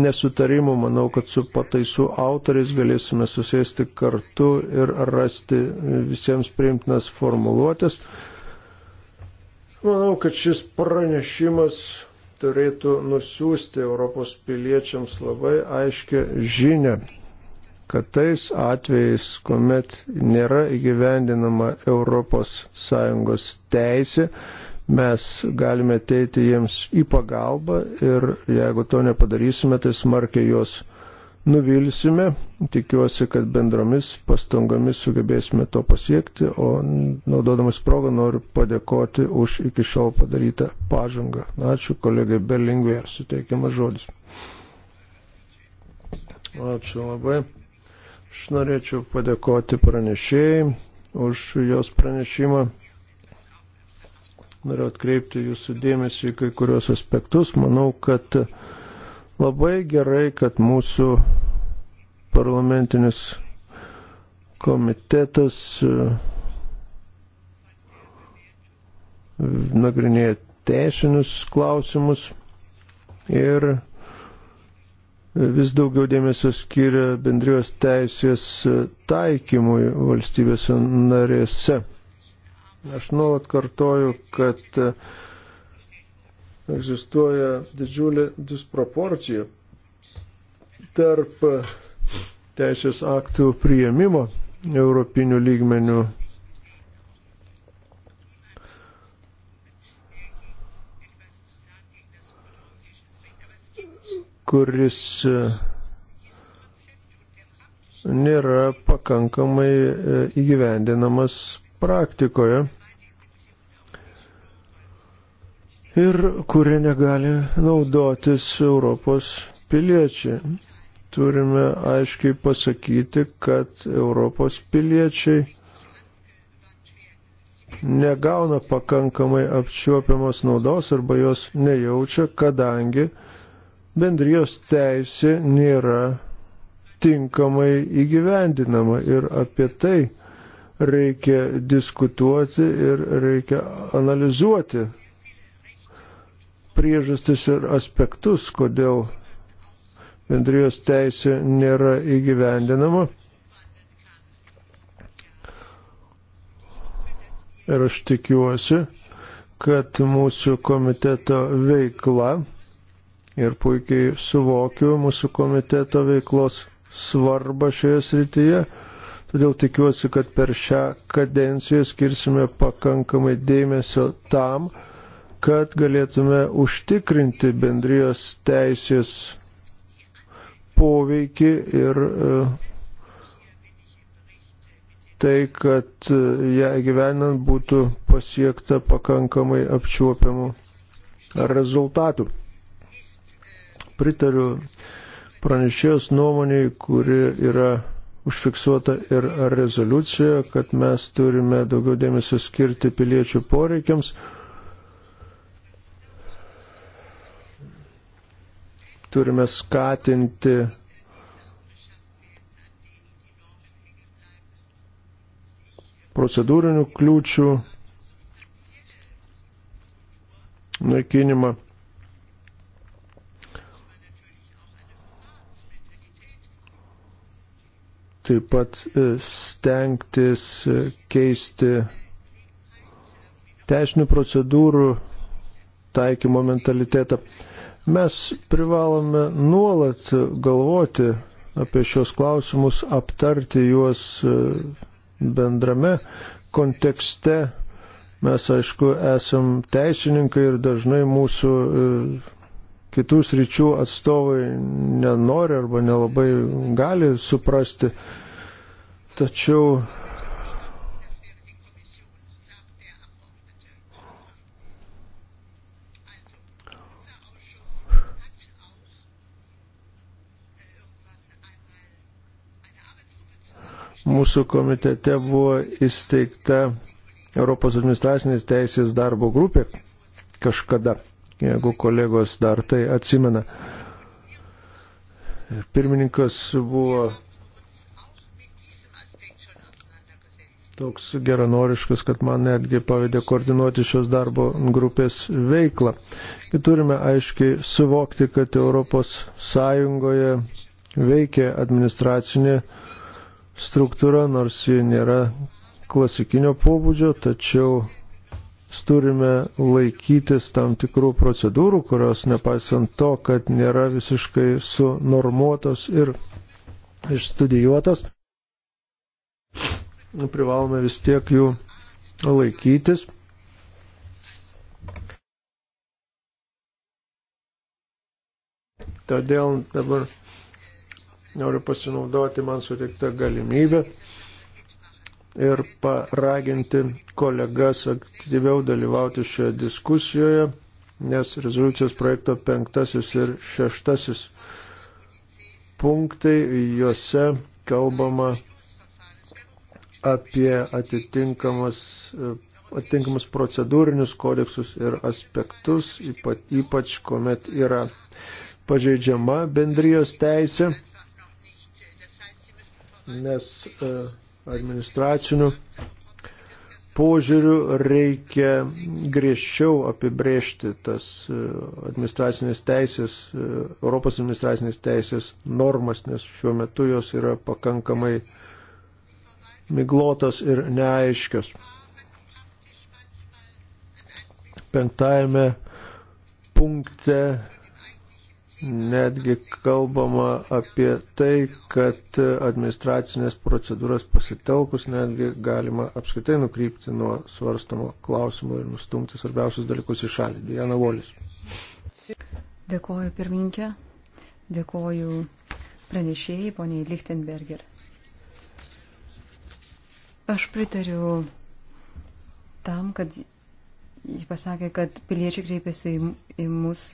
nesutarimų. Manau, kad su pataisų autoriais galėsime susėsti kartu ir rasti visiems priimtinas formuluotės. Manau, kad šis pranešimas turėtų nusiųsti Europos piliečiams labai aiškę žinę, kad tais atvejais, kuomet nėra įgyvendinama ES teisė, mes galime teiti jiems į pagalbą ir jeigu to nepadarysime, tai smarkiai juos nuvilsime. Tikiuosi, kad bendromis pastangomis sugebėsime to pasiekti, o naudodamas progą noriu padėkoti už iki šiol padarytą pažangą. Ačiū kolegai Berlingui ir suteikiamas žodis. Ačiū labai. Aš norėčiau padėkoti pranešėjai už jos pranešimą. Noriu atkreipti jūsų dėmesį į kai kurios aspektus. Manau, kad labai gerai, kad mūsų parlamentinis komitetas e, nagrinėja teisinius klausimus ir vis daugiau dėmesio skiria bendrijos teisės taikymui valstybėse narėse. Aš nuolat kartoju, kad e, egzistuoja didžiulė disproporcija tarp teisės aktų priėmimo europinių lygmenių kuris e, nėra pakankamai e, įgyvendinamas praktikoje. ir kuria negali naudotis Europos piliečiai. Turime aiškiai pasakyti, kad Europos piliečiai negauna pakankamai apčiuopiamos naudos arba jos nejaučia, kadangi bendrijos teisė nėra tinkamai įgyvendinama ir apie tai reikia diskutuoti ir reikia analizuoti priežastis ir aspektus, kodėl bendrijos teisė nėra įgyvendinama. Ir aš tikiuosi, kad mūsų komiteto veikla ir puikiai suvokiu mūsų komiteto veiklos svarbą šioje srityje. Todėl tikiuosi, kad per šią kadenciją skirsime pakankamai dėmesio tam, kad galėtume užtikrinti bendrijos teisės poveikį ir e, tai, kad e, ją gyvenant būtų pasiekta pakankamai apčiuopiamų rezultatų. Pritariu pranešėjos nuomonėj, kuri yra užfiksuota ir rezoliucija, kad mes turime daugiau dėmesio skirti piliečių poreikiams Turime skatinti procedūrinių kliūčių naikinimą. Taip pat e, stengtis e, keisti teisinių procedūrų taikymo mentalitetą. Mes privalome nuolat galvoti apie šios klausimus, aptarti juos e, bendrame kontekste. Mes, aišku, esam teisininkai ir dažnai mūsų e, kitų sričių atstovai nenori arba nelabai gali suprasti. Tačiau mūsų komitete buvo įsteigta Europos administracinės teisės darbo grupė kažkada, jeigu kolegos dar tai atsimena. Pirmininkas buvo toks geranoriškas, kad man netgi pavydė koordinuoti šios darbo grupės veiklą. Ir turime aiškiai suvokti, kad Europos Sąjungoje veikia administracinė struktūra, nors ji nėra klasikinio pobūdžio, tačiau turime laikytis tam tikrų procedūrų, kurios nepaisant to, kad nėra visiškai sunormuotos ir išstudijuotos, privalome vis tiek jų laikytis. Todėl dabar Noriu pasinaudoti man suteiktą galimybę ir paraginti kolegas aktyviau dalyvauti šioje diskusijoje, nes rezoliucijos projekto penktasis ir šeštasis punktai juose kalbama apie atitinkamas atitinkamus procedūrinius kodeksus ir aspektus, ypač, ypač kuomet yra pažeidžiama bendrijos teisė nes e, administracinių požiūrių reikia griežčiau apibrėžti tas e, administracinės teisės, e, Europos administracinės teisės normas, nes šiuo metu jos yra pakankamai miglotos ir neaiškios. Penktajame punkte netgi kalbama apie tai, kad administracinės procedūras pasitelkus netgi galima apskaitai nukrypti nuo svarstamo klausimo ir nustumti svarbiausius dalykus į šalį. Diana Volis. Dėkoju pirmininkė, dėkoju pranešėjai poniai Lichtenberger. Aš pritariu tam, kad jis pasakė, kad piliečiai kreipiasi į, į mus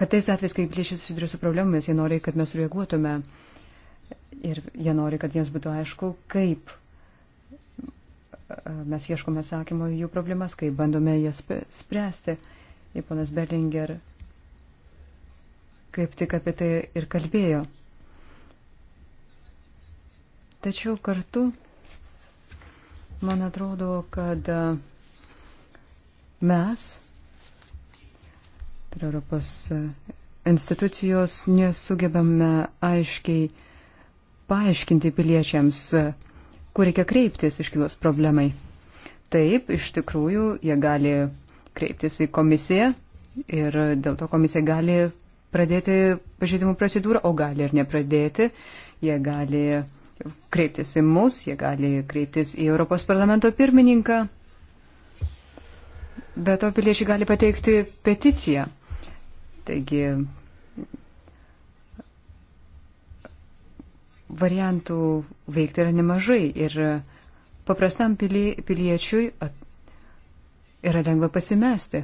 kad tais atvejais, kai piliečiai susiduria su problemomis, jie nori, kad mes reaguotume ir jie nori, kad jiems būtų aišku, kaip e, mes ieškome atsakymo į jų problemas, kaip bandome jas spręsti. Ir ponas Berlinger kaip tik apie tai ir kalbėjo. Tačiau kartu, man atrodo, kad e, mes per Europos e, institucijos nesugebame aiškiai paaiškinti piliečiams, e, kur reikia kreiptis iškilus problemai. Taip, iš tikrųjų, jie gali kreiptis į komisiją ir dėl to komisija gali pradėti pažeidimų procedūrą, o gali ir nepradėti. Jie gali kreiptis į mus, jie gali kreiptis į Europos parlamento pirmininką. Be to piliečiai gali pateikti peticiją. Taigi variantų veikti yra nemažai ir paprastam piliečiui yra lengva pasimesti,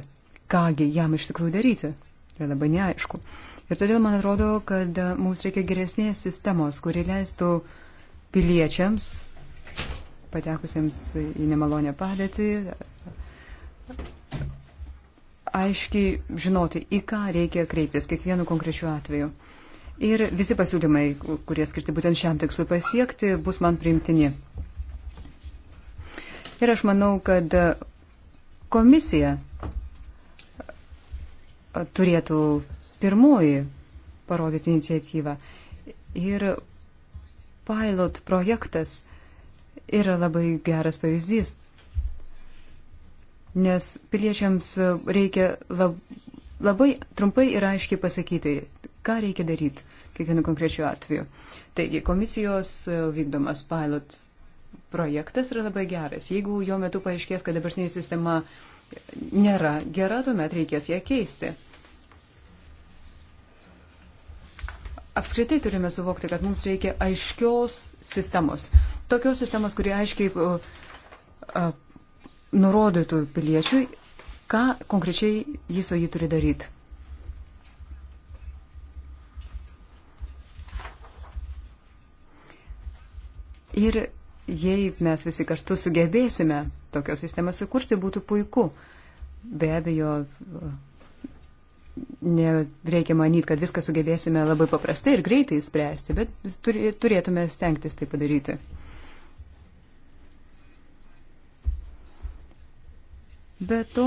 kągi jam iš tikrųjų daryti. Yra labai neaišku. Ir todėl man atrodo, kad mums reikia geresnės sistemos, kuri leistų piliečiams, patekusiems į nemalonę padėtį, aiškiai žinoti, į ką reikia kreiptis kiekvienu konkrečiu atveju. Ir visi pasiūlymai, kurie skirti būtent šiam tikslui pasiekti, bus man priimtini. Ir aš manau, kad komisija turėtų pirmoji parodyti iniciatyvą. Ir pilot projektas yra labai geras pavyzdys nes piliečiams reikia lab, labai trumpai ir aiškiai pasakyti, ką reikia daryti kiekvienu konkrečiu atveju. Taigi, komisijos vykdomas pilot projektas yra labai geras. Jeigu jo metu paaiškės, kad dabartinė sistema nėra gera, tuomet reikės ją keisti. Apskritai turime suvokti, kad mums reikia aiškios sistemos. Tokios sistemos, kurie aiškiai uh, uh, nurodytų piliečiui, ką konkrečiai jis o jį turi daryti. Ir jei mes visi kartu sugebėsime tokią sistemą sukurti, būtų puiku. Be abejo, nereikia manyti, kad viską sugebėsime labai paprastai ir greitai spręsti, bet turėtume stengtis tai padaryti. Be to,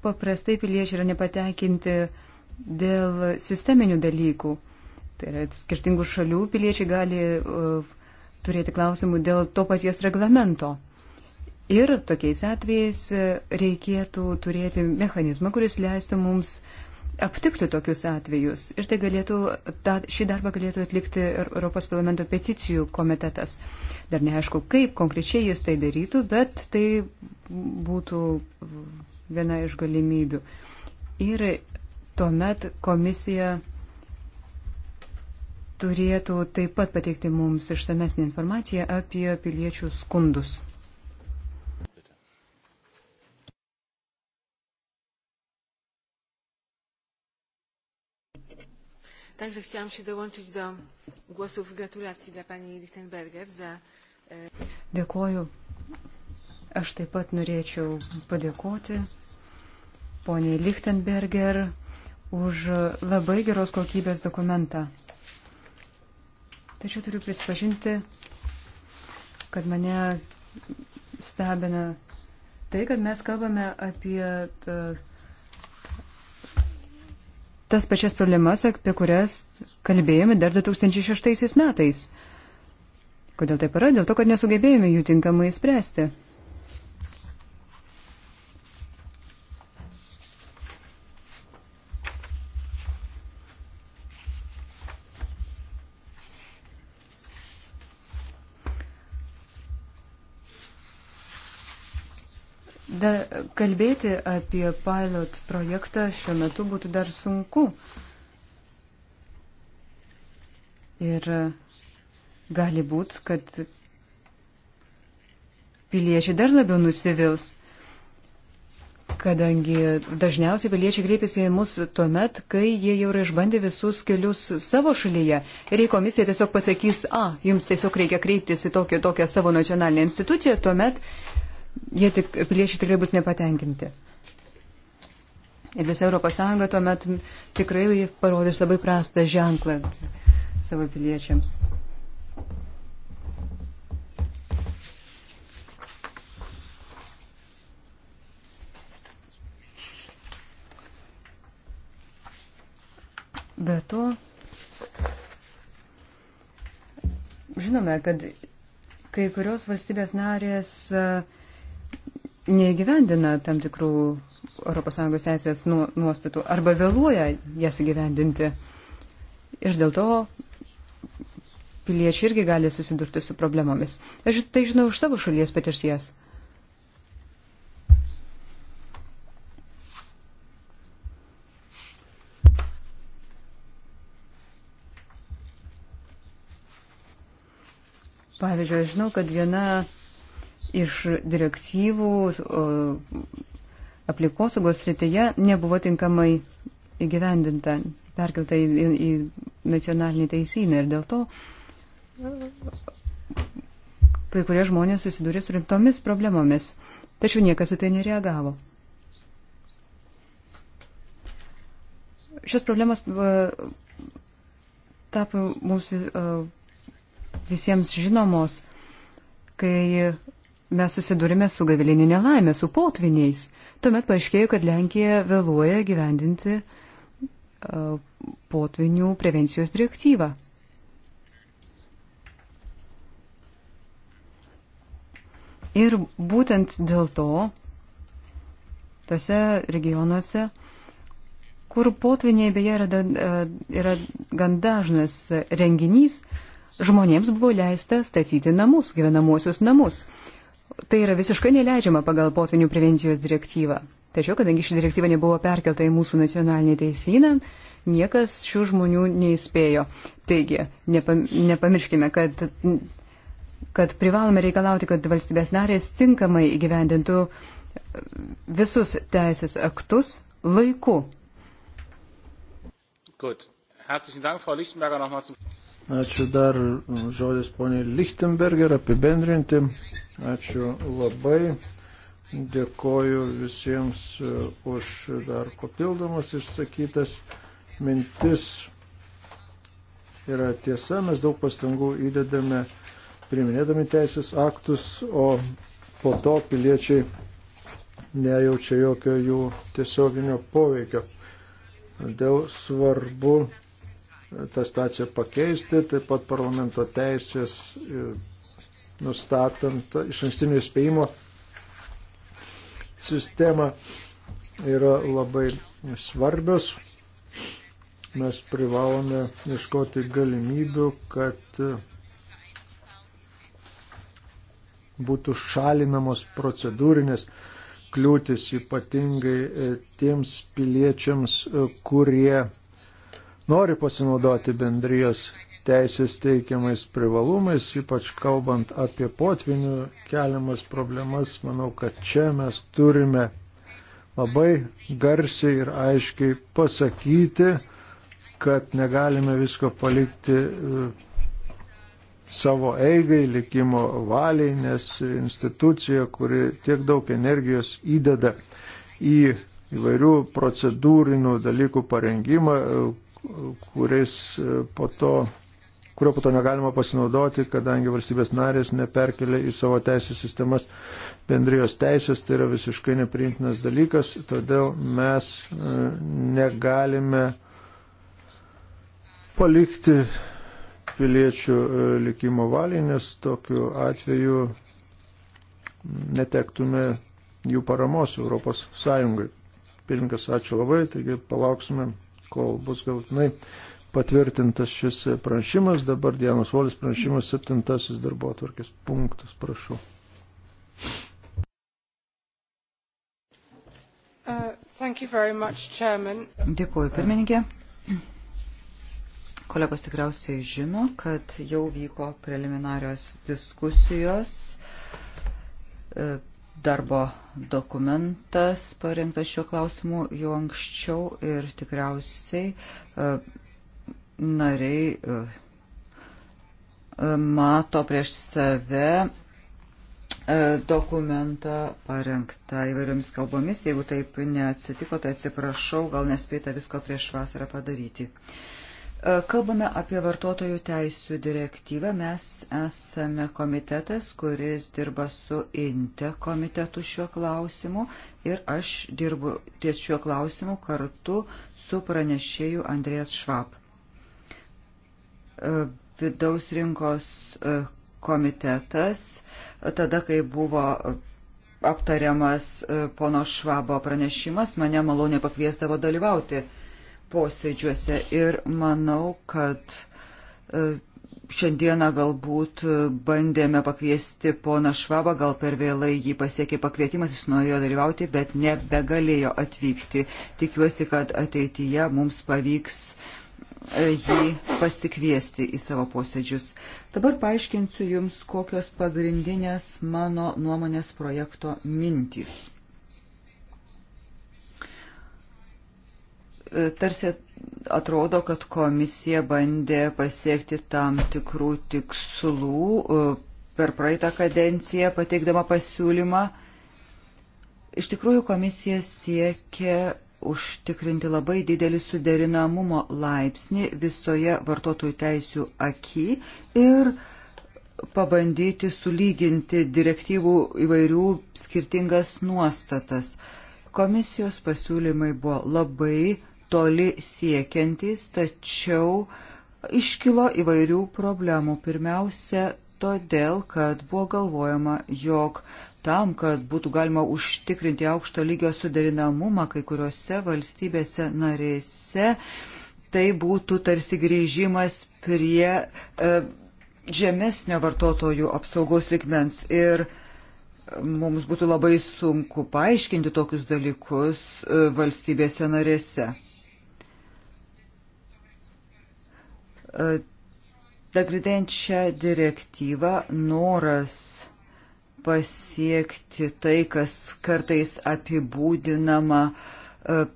paprastai piliečiai yra nepatenkinti dėl sisteminių dalykų. Tai yra skirtingų šalių piliečiai gali uh, turėti klausimų dėl to paties reglamento. Ir tokiais atvejais uh, reikėtų turėti mechanizmą, kuris leistų mums uh, aptiktų tokius atvejus ir tai galėtų, ta, šį darbą galėtų atlikti Europos parlamento peticijų komitetas. Dar neaišku, kaip konkrečiai jis tai darytų, bet tai būtų viena iš galimybių. Ir tuomet komisija turėtų taip pat pateikti mums išsamesnį informaciją apie piliečių skundus. Także chciałam się dołączyć do głosów gratulacji dla pani Lichtenberger za. E, Dėkuoju. Aš taip pat norėčiau padėkoti poniai Lichtenberger už labai geros kokybės dokumentą. Tačiau turiu prisipažinti, kad mane stebina tai, kad mes kalbame apie tas pačias problemas, apie kurias kalbėjome dar 2006 metais. Kodėl taip yra? Dėl to, kad nesugebėjome jų tinkamai spręsti. be, kalbėti apie pilot projektą šiuo metu būtų dar sunku. Ir gali būt, kad piliečiai dar labiau nusivils, kadangi dažniausiai piliečiai kreipiasi į mus tuo met, kai jie jau yra išbandę visus kelius savo šalyje. Ir jei komisija tiesiog pasakys, a, jums tiesiog reikia kreiptis į tokią, tokią savo nacionalinę instituciją, tuomet jie tik, piliečiai tikrai bus nepatenkinti. Ir visa Europos Sąjunga tuomet tikrai parodys labai prastą ženklą savo piliečiams. Be to, žinome, kad kai kurios valstybės narės uh, neįgyvendina tam tikrų ES teisės nu, nuostatų arba vėluoja jas įgyvendinti. Ir dėl to piliečiai irgi gali susidurti su problemomis. Aš tai žinau iš savo šalies patirties. Pavyzdžiui, aš žinau, kad viena iš direktyvų aplinkosaugos srityje nebuvo tinkamai įgyvendinta, perkelta į, į, į nacionalinį teisyną ir dėl to kai kurie žmonės susidūrė su rimtomis problemomis, tačiau niekas į tai nereagavo. Šios problemas e, tapo mums e, visiems žinomos, kai mes susidurime su gavilinė nelaimė, su potviniais. Tuomet paaiškėjo, kad Lenkija vėluoja gyvendinti e, potvinių prevencijos direktyvą. Ir būtent dėl to tose regionuose, kur potviniai beje yra, e, yra gan dažnas renginys, žmonėms buvo leista statyti namus, gyvenamuosius namus. Tai yra visiškai neleidžiama pagal potvinių prevencijos direktyvą. Tačiau, kadangi ši direktyva nebuvo perkelta į mūsų nacionalinį teisyną, niekas šių žmonių neįspėjo. Taigi, nepamirškime, kad, kad privalome reikalauti, kad valstybės narės tinkamai įgyvendintų visus teisės aktus laiku. Gut. Herzlichen Dank, Frau Lichtenberger, nochmal zum. Ačiū dar žodis poniai Lichtenberger apibendrinti. Ačiū labai. Dėkoju visiems už dar papildomas išsakytas mintis. Yra tiesa, mes daug pastangų įdedame priminėdami teisės aktus, o po to piliečiai nejaučia jokio jų tiesioginio poveikio. Todėl svarbu tą staciją pakeisti, taip pat parlamento teisės e, nustatant iš ankstinio įspėjimo sistemą yra labai svarbios. Mes privalome ieškoti galimybių, kad būtų šalinamos procedūrinės kliūtis ypatingai e, tiems piliečiams, e, kurie nori pasinaudoti bendrijos teisės teikiamais privalumais, ypač kalbant apie potvinių keliamas problemas, manau, kad čia mes turime labai garsiai ir aiškiai pasakyti, kad negalime visko palikti e, savo eigai, likimo valiai, nes institucija, kuri tiek daug energijos įdeda į įvairių procedūrinių dalykų parengimą, kuriais e, po to kurio po to negalima pasinaudoti, kadangi valstybės narės neperkelia į savo teisės sistemas bendrijos teisės, tai yra visiškai nepriimtinas dalykas, todėl mes e, negalime palikti piliečių e, likimo valiai, nes tokiu atveju netektume jų paramos Europos Sąjungai. Pilinkas, ačiū labai, taigi palauksime kol bus galtinai patvirtintas šis pranešimas. Dabar Dienos Volis pranešimas septintasis darbo atvarkės punktas, prašau. Uh, much, Dėkuoju, pirmininkė. Kolegos tikriausiai žino, kad jau vyko preliminarios diskusijos uh, darbo dokumentas parengtas šiuo klausimu jau anksčiau ir tikriausiai e, nariai e, e, mato prieš save dokumentą parengtą įvairiomis kalbomis. Jeigu taip neatsitiko, tai atsiprašau, gal nespėta visko prieš vasarą padaryti. Uh, E, kalbame apie vartotojų teisų direktyvą. Mes esame komitetas, kuris dirba su INTE komitetu šiuo klausimu ir aš dirbu ties šiuo klausimu kartu su pranešėju Andrės Švab. E, vidaus rinkos e, komitetas, tada kai buvo aptariamas pono Švabo pranešimas, mane maloniai pakviesdavo dalyvauti posėdžiuose ir manau, kad e, šiandieną galbūt e, bandėme pakviesti poną Švabą, gal per vėlai jį pasiekė pakvietimas, jis norėjo dalyvauti, bet nebegalėjo atvykti. Tikiuosi, kad ateityje mums pavyks e, jį pasikviesti į savo posėdžius. Dabar paaiškinsiu Jums, kokios pagrindinės mano nuomonės projekto mintys. tarsi atrodo, kad komisija bandė pasiekti tam tikrų tikslų e, per praeitą kadenciją pateikdama pasiūlymą. Iš tikrųjų, komisija siekia užtikrinti labai didelį suderinamumo laipsnį visoje vartotojų teisių aky ir pabandyti sulyginti direktyvų įvairių skirtingas nuostatas. Komisijos pasiūlymai buvo labai toli siekiantys, tačiau iškilo įvairių problemų. Pirmiausia, todėl, kad buvo galvojama, jog tam, kad būtų galima užtikrinti aukšto lygio suderinamumą kai kuriuose valstybėse narėse, tai būtų tarsi grįžimas prie e, žemesnio vartotojų apsaugos ligmens. Ir mums būtų labai sunku paaiškinti tokius dalykus e, valstybėse narėse. Nagrinėjant e, šią direktyvą, noras pasiekti tai, kas kartais apibūdinama e,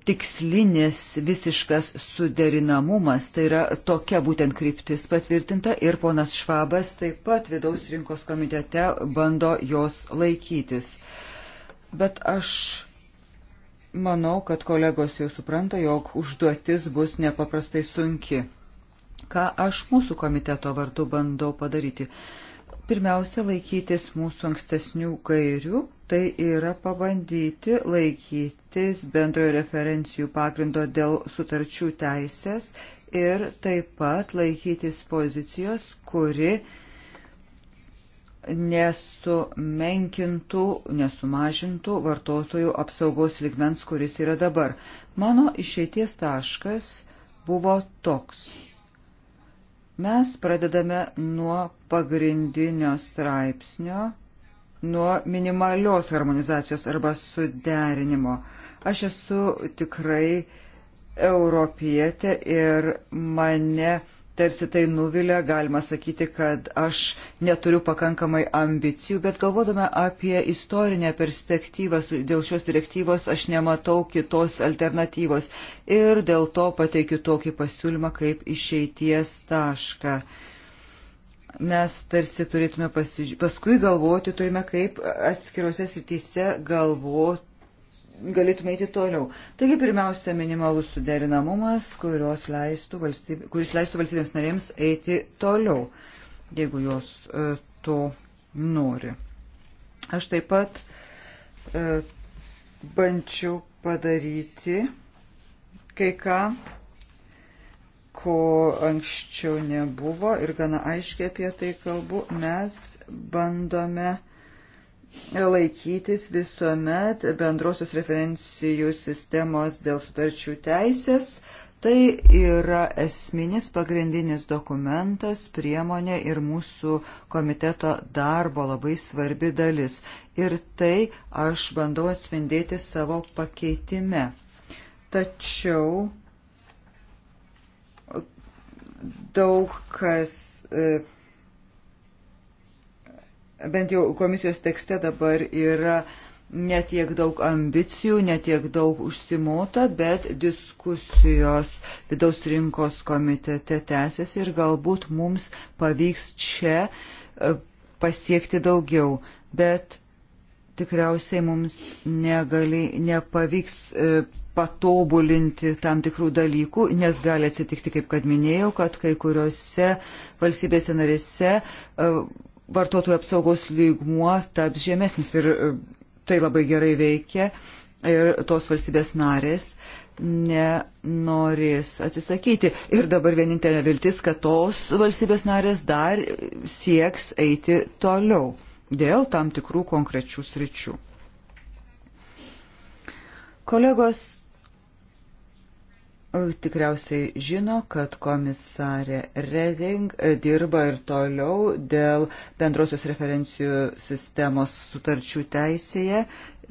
tikslinis visiškas suderinamumas. Tai yra tokia būtent kryptis patvirtinta ir ponas Švabas taip pat vidaus rinkos komitete bando jos laikytis. Bet aš manau, kad kolegos jau supranta, jog užduotis bus nepaprastai sunki ką aš mūsų komiteto vardu bandau padaryti. Pirmiausia, laikytis mūsų ankstesnių gairių, tai yra pabandyti laikytis bendrojo referencijų pagrindo dėl sutarčių teisės ir taip pat laikytis pozicijos, kuri nesumenkintų, nesumažintų vartotojų apsaugos ligmens, kuris yra dabar. Mano išeities taškas buvo toks. Mes pradedame nuo pagrindinio straipsnio, nuo minimalios harmonizacijos arba suderinimo. Aš esu tikrai europietė ir mane tarsi tai nuvilia, galima sakyti, kad aš neturiu pakankamai ambicijų, bet galvodama apie istorinę perspektyvą dėl šios direktyvos, aš nematau kitos alternatyvos ir dėl to pateikiu tokį pasiūlymą kaip išeities tašką. Mes tarsi turėtume pasižiūrėti, paskui galvoti turime, kaip atskirose srityse galvoti galėtume eiti toliau. Taigi pirmiausia, minimalus suderinamumas, leistų valstybė, kuris leistų valstybėms narėms eiti toliau, jeigu jos e, to nori. Aš taip pat e, bandžiau padaryti kai ką, ko anksčiau nebuvo ir gana aiškiai apie tai kalbu, mes bandome laikytis visuomet bendrosios referencijų sistemos dėl sutarčių teisės. Tai yra esminis pagrindinis dokumentas, priemonė ir mūsų komiteto darbo labai svarbi dalis. Ir tai aš bandau atspindėti savo pakeitime. Tačiau daug kas e, bent jau komisijos tekste dabar yra netiek daug ambicijų, netiek daug užsimota, bet diskusijos vidaus rinkos komitete tęsiasi ir galbūt mums pavyks čia e, pasiekti daugiau. Bet tikriausiai mums negali, nepavyks e, patobulinti tam tikrų dalykų, nes gali atsitikti, kaip kad minėjau, kad kai kuriuose valstybėse narėse e, vartotojų apsaugos lygmuo taps žemesnis ir e, tai labai gerai veikia ir tos valstybės narės nenorės atsisakyti. Ir dabar vienintelė viltis, kad tos valstybės narės dar sieks eiti toliau dėl tam tikrų konkrečių sričių. Kolegos E, tikriausiai žino, kad komisarė Reding e, dirba ir toliau dėl bendrosios referencijų sistemos sutarčių teisėje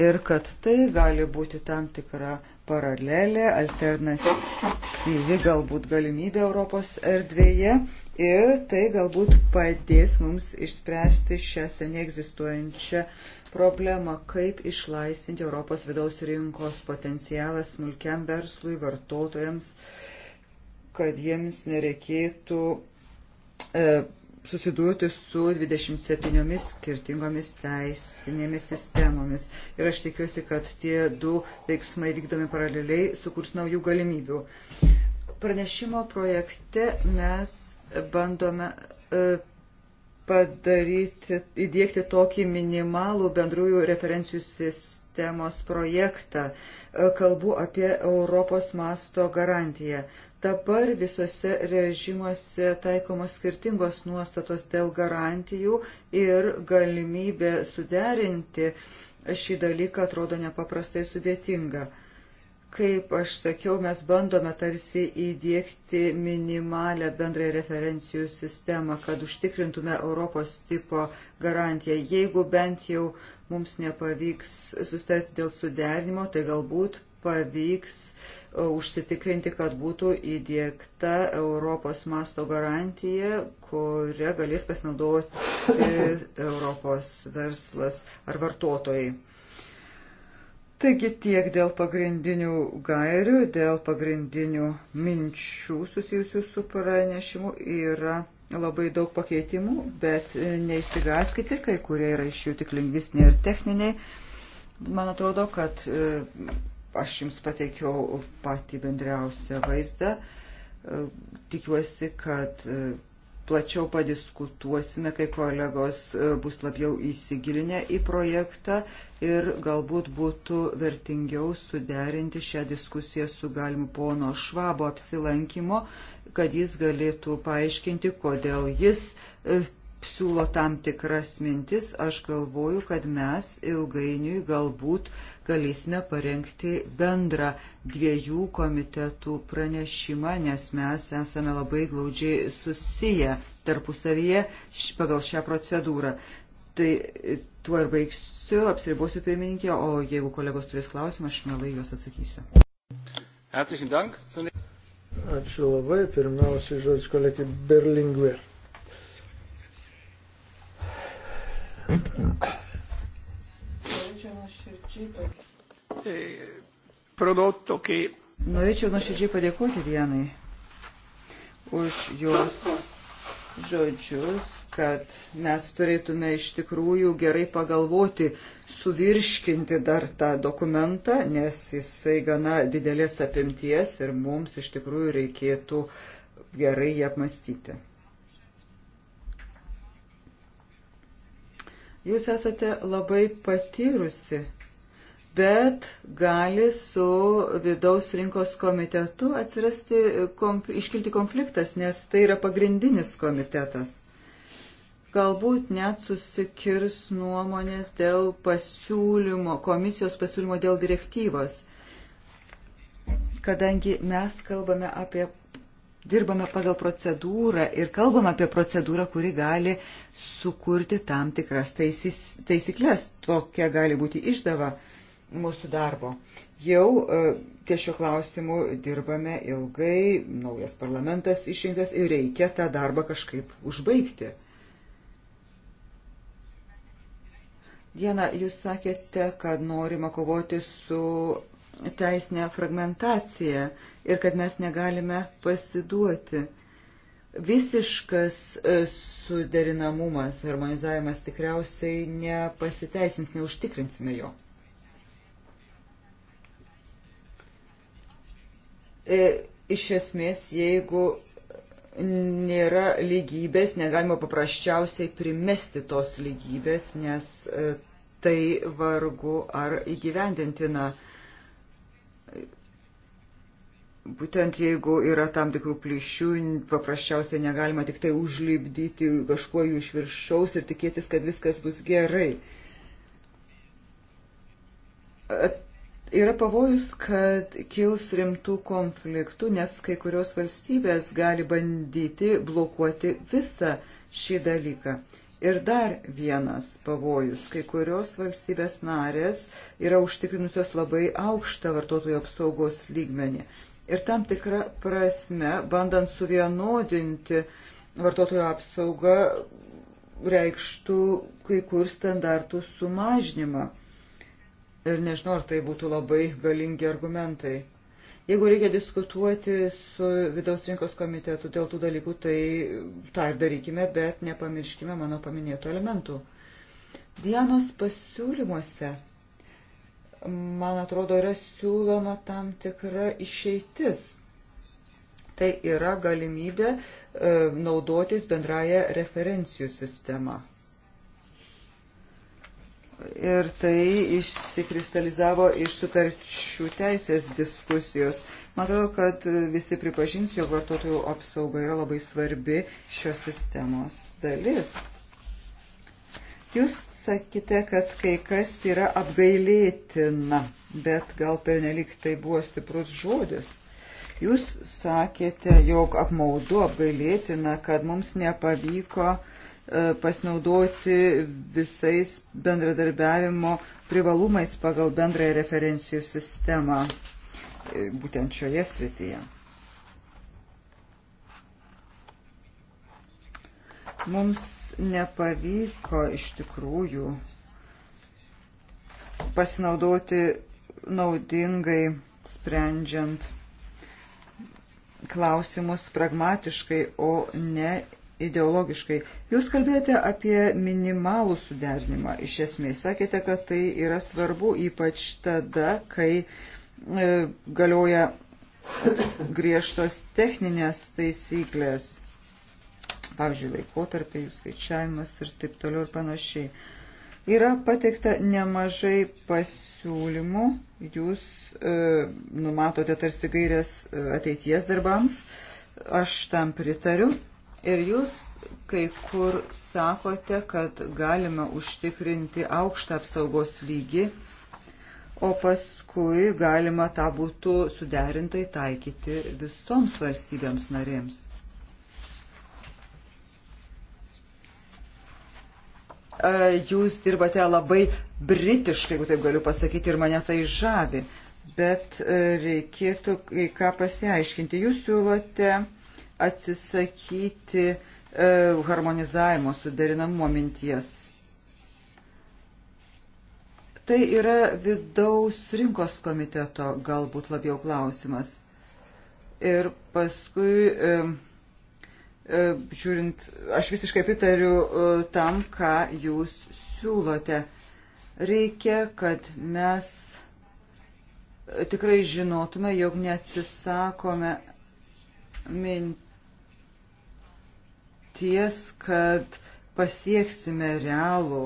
ir kad tai gali būti tam tikra paralelė, alternatyvi galbūt galimybė Europos erdvėje ir tai galbūt padės mums išspręsti šią seniai egzistuojančią problemą, kaip išlaisvinti Europos vidaus rinkos potencialą smulkiam verslui, vartotojams, kad jiems nereikėtų e, susidurti su 27 skirtingomis teisinėmis sistemomis. Ir aš tikiuosi, kad tie du veiksmai vykdomi paraleliai sukurs naujų galimybių. Pranešimo projekte mes bandome e, padaryti, įdėkti tokį minimalų bendrųjų referencijų sistemos projektą. E, kalbu apie Europos masto garantiją. Dabar visuose režimuose taikomos skirtingos nuostatos dėl garantijų ir galimybė suderinti šį dalyką atrodo nepaprastai sudėtinga. Kaip aš sakiau, mes bandome tarsi įdėkti minimalę bendrąją referencijų sistemą, kad užtikrintume Europos tipo garantiją. Jeigu bent jau mums nepavyks sustarti dėl suderinimo, tai galbūt pavyks e, užsitikrinti, kad būtų įdėkta Europos masto garantija, kuria galės pasinaudoti e, Europos verslas ar vartotojai. Taigi tiek dėl pagrindinių gairių, dėl pagrindinių minčių susijusių su pranešimu yra labai daug pakeitimų, bet e, neišsigaskite, kai kurie yra iš jų tik lingvistiniai ir techniniai. Man atrodo, kad e, aš jums pateikiau patį bendriausią vaizdą. E, tikiuosi, kad plačiau padiskutuosime, kai kolegos e, bus labiau įsigilinę į projektą ir galbūt būtų vertingiau suderinti šią diskusiją su galimu pono Švabo apsilankimo, kad jis galėtų paaiškinti, kodėl jis e, siūlo tam tikras mintis, aš galvoju, kad mes ilgainiui galbūt galėsime parengti bendrą dviejų komitetų pranešimą, nes mes esame labai glaudžiai susiję tarpusavyje pagal šią procedūrą. Tai e, tuo ir baigsiu, apsiribosiu pirmininkė, o jeigu kolegos turės klausimą, aš mielai juos atsakysiu. Ačiū labai, pirmiausiai žodis kolegai Berlingver. Prodotto che... Norėčiau nuoširdžiai padėkoti Dienai už jos žodžius, kad mes turėtume iš tikrųjų gerai pagalvoti, suvirškinti dar tą dokumentą, nes jisai gana didelės apimties ir mums iš tikrųjų reikėtų gerai jį apmastyti. Jūs esate labai patyrusi, bet gali su vidaus rinkos komitetu atsirasti, konf, iškilti konfliktas, nes tai yra pagrindinis komitetas. Galbūt net susikirs nuomonės dėl pasiūlymo, komisijos pasiūlymo dėl direktyvos kadangi mes kalbame apie dirbame pagal procedūrą ir kalbam apie procedūrą, kuri gali sukurti tam tikras taisys, taisyklės. Tokia gali būti išdava mūsų darbo. Jau e, ties šio klausimu dirbame ilgai, naujas parlamentas išrinktas ir reikia tą darbą kažkaip užbaigti. Diena, jūs sakėte, kad norima kovoti su teisinę fragmentaciją ir kad mes negalime pasiduoti. Visiškas e, suderinamumas, harmonizavimas tikriausiai nepasiteisins, neužtikrinsime jo. E, iš esmės, jeigu nėra lygybės, negalima paprasčiausiai primesti tos lygybės, nes e, tai vargu ar įgyvendintina. Na, būtent jeigu yra tam tikrų plyšių, paprasčiausiai negalima tik tai užlipdyti kažkuo jų iš viršaus ir tikėtis, kad viskas bus gerai. Yra pavojus, kad kils rimtų konfliktų, nes kai kurios valstybės gali bandyti blokuoti visą šį dalyką. Ir dar vienas pavojus, kai kurios valstybės narės yra užtikrinusios labai aukštą vartotojų apsaugos lygmenį ir tam tikrą prasme, bandant suvienodinti vartotojo apsaugą, reikštų kai kur standartų sumažinimą. Ir nežinau, ar tai būtų labai galingi argumentai. Jeigu reikia diskutuoti su vidaus rinkos komitetu dėl tų dalykų, tai tą ir darykime, bet nepamirškime mano paminėtų elementų. Dienos pasiūlymuose man atrodo, yra siūloma tam tikra išeitis. Tai yra galimybė e, naudotis bendraja referencijų sistema. Ir tai išsikristalizavo iš sutarčių teisės diskusijos. Man atrodo, kad visi pripažins, jog vartotojų apsauga yra labai svarbi šios sistemos dalis. Jūs sakėte, kad kai kas yra apgailėtina, bet gal pernelik tai buvo stiprus žodis. Jūs sakėte, jog apmaudu apgailėtina, kad mums nepavyko e, pasinaudoti visais bendradarbiavimo privalumais pagal bendrąją referencijų sistemą e, būtent šioje srityje. Mums nepavyko iš tikrųjų pasinaudoti naudingai sprendžiant klausimus pragmatiškai, o ne ideologiškai. Jūs kalbėjote apie minimalų suderinimą. Iš esmės sakėte, kad tai yra svarbu, ypač tada, kai e, galioja griežtos techninės taisyklės pavyzdžiui, laikotarpiai, jų skaičiavimas ir taip toliau ir panašiai. Yra pateikta nemažai pasiūlymų, jūs e, numatote tarsi gairias e, ateities darbams, aš tam pritariu. Ir jūs kai kur sakote, kad galima užtikrinti aukštą apsaugos lygį, o paskui galima tą būtų suderintai taikyti visoms valstybėms narėms. E, jūs dirbate labai britiškai, jeigu taip galiu pasakyti, ir mane tai žavi. Bet e, reikėtų kai ką pasiaiškinti. Jūs siūlote atsisakyti e, harmonizavimo, suderinamumo minties. Tai yra vidaus rinkos komiteto galbūt labiau klausimas. Ir paskui E, žiūrint, aš visiškai pritariu e, tam, ką jūs siūlote. Reikia, kad mes e, tikrai žinotume, jog neatsisakome minties, kad pasieksime realų.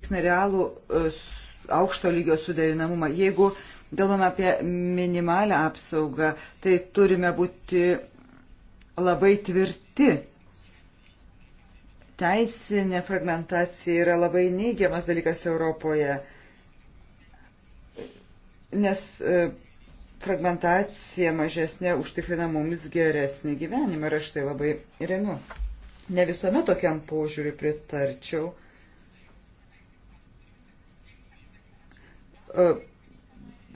Pasieksime realų aukšto lygio suderinamumą. Jeigu uh, galvome apie minimalę apsaugą, tai turime būti labai tvirti. Teisinė fragmentacija yra labai neigiamas dalykas Europoje, nes e, fragmentacija mažesnė užtikrina mums geresnį gyvenimą ir aš tai labai remiu. Ne visuomet tokiam požiūriu pritarčiau. E,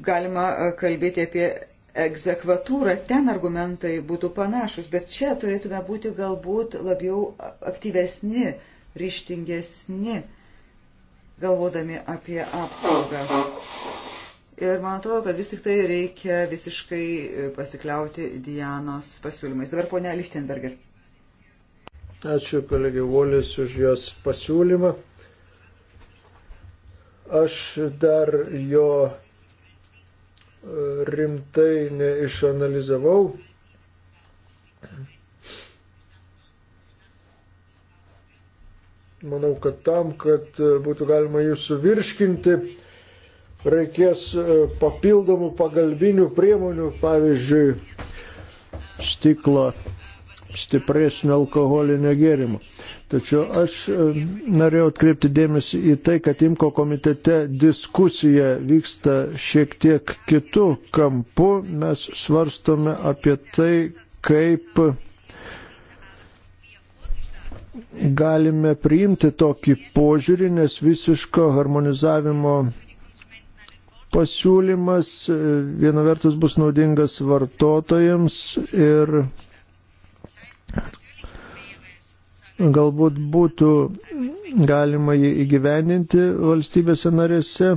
galima e, kalbėti apie egzekvatūrą, ten argumentai būtų panašus, bet čia turėtume būti galbūt labiau aktyvesni, ryštingesni, galvodami apie apsaugą. Ir man atrodo, kad vis tik tai reikia visiškai e, pasikliauti Dianos pasiūlymais. Dabar ponia Lichtenberger. Ačiū kolegė Volis už jos pasiūlymą. Aš dar jo rimtai neišanalizavau. Manau, kad tam, kad būtų galima jų suvirškinti, reikės e, papildomų pagalbinių priemonių, pavyzdžiui, stiklo stipresnio alkoholinio gėrimo. Tačiau aš e, norėjau atkreipti dėmesį į tai, kad Imko komitete diskusija vyksta šiek tiek kitų kampų. Mes svarstome apie tai, kaip galime priimti tokį požiūrį, nes visiško harmonizavimo pasiūlymas e, viena vertus bus naudingas vartotojams ir Galbūt būtų galima jį įgyvendinti valstybėse narėse,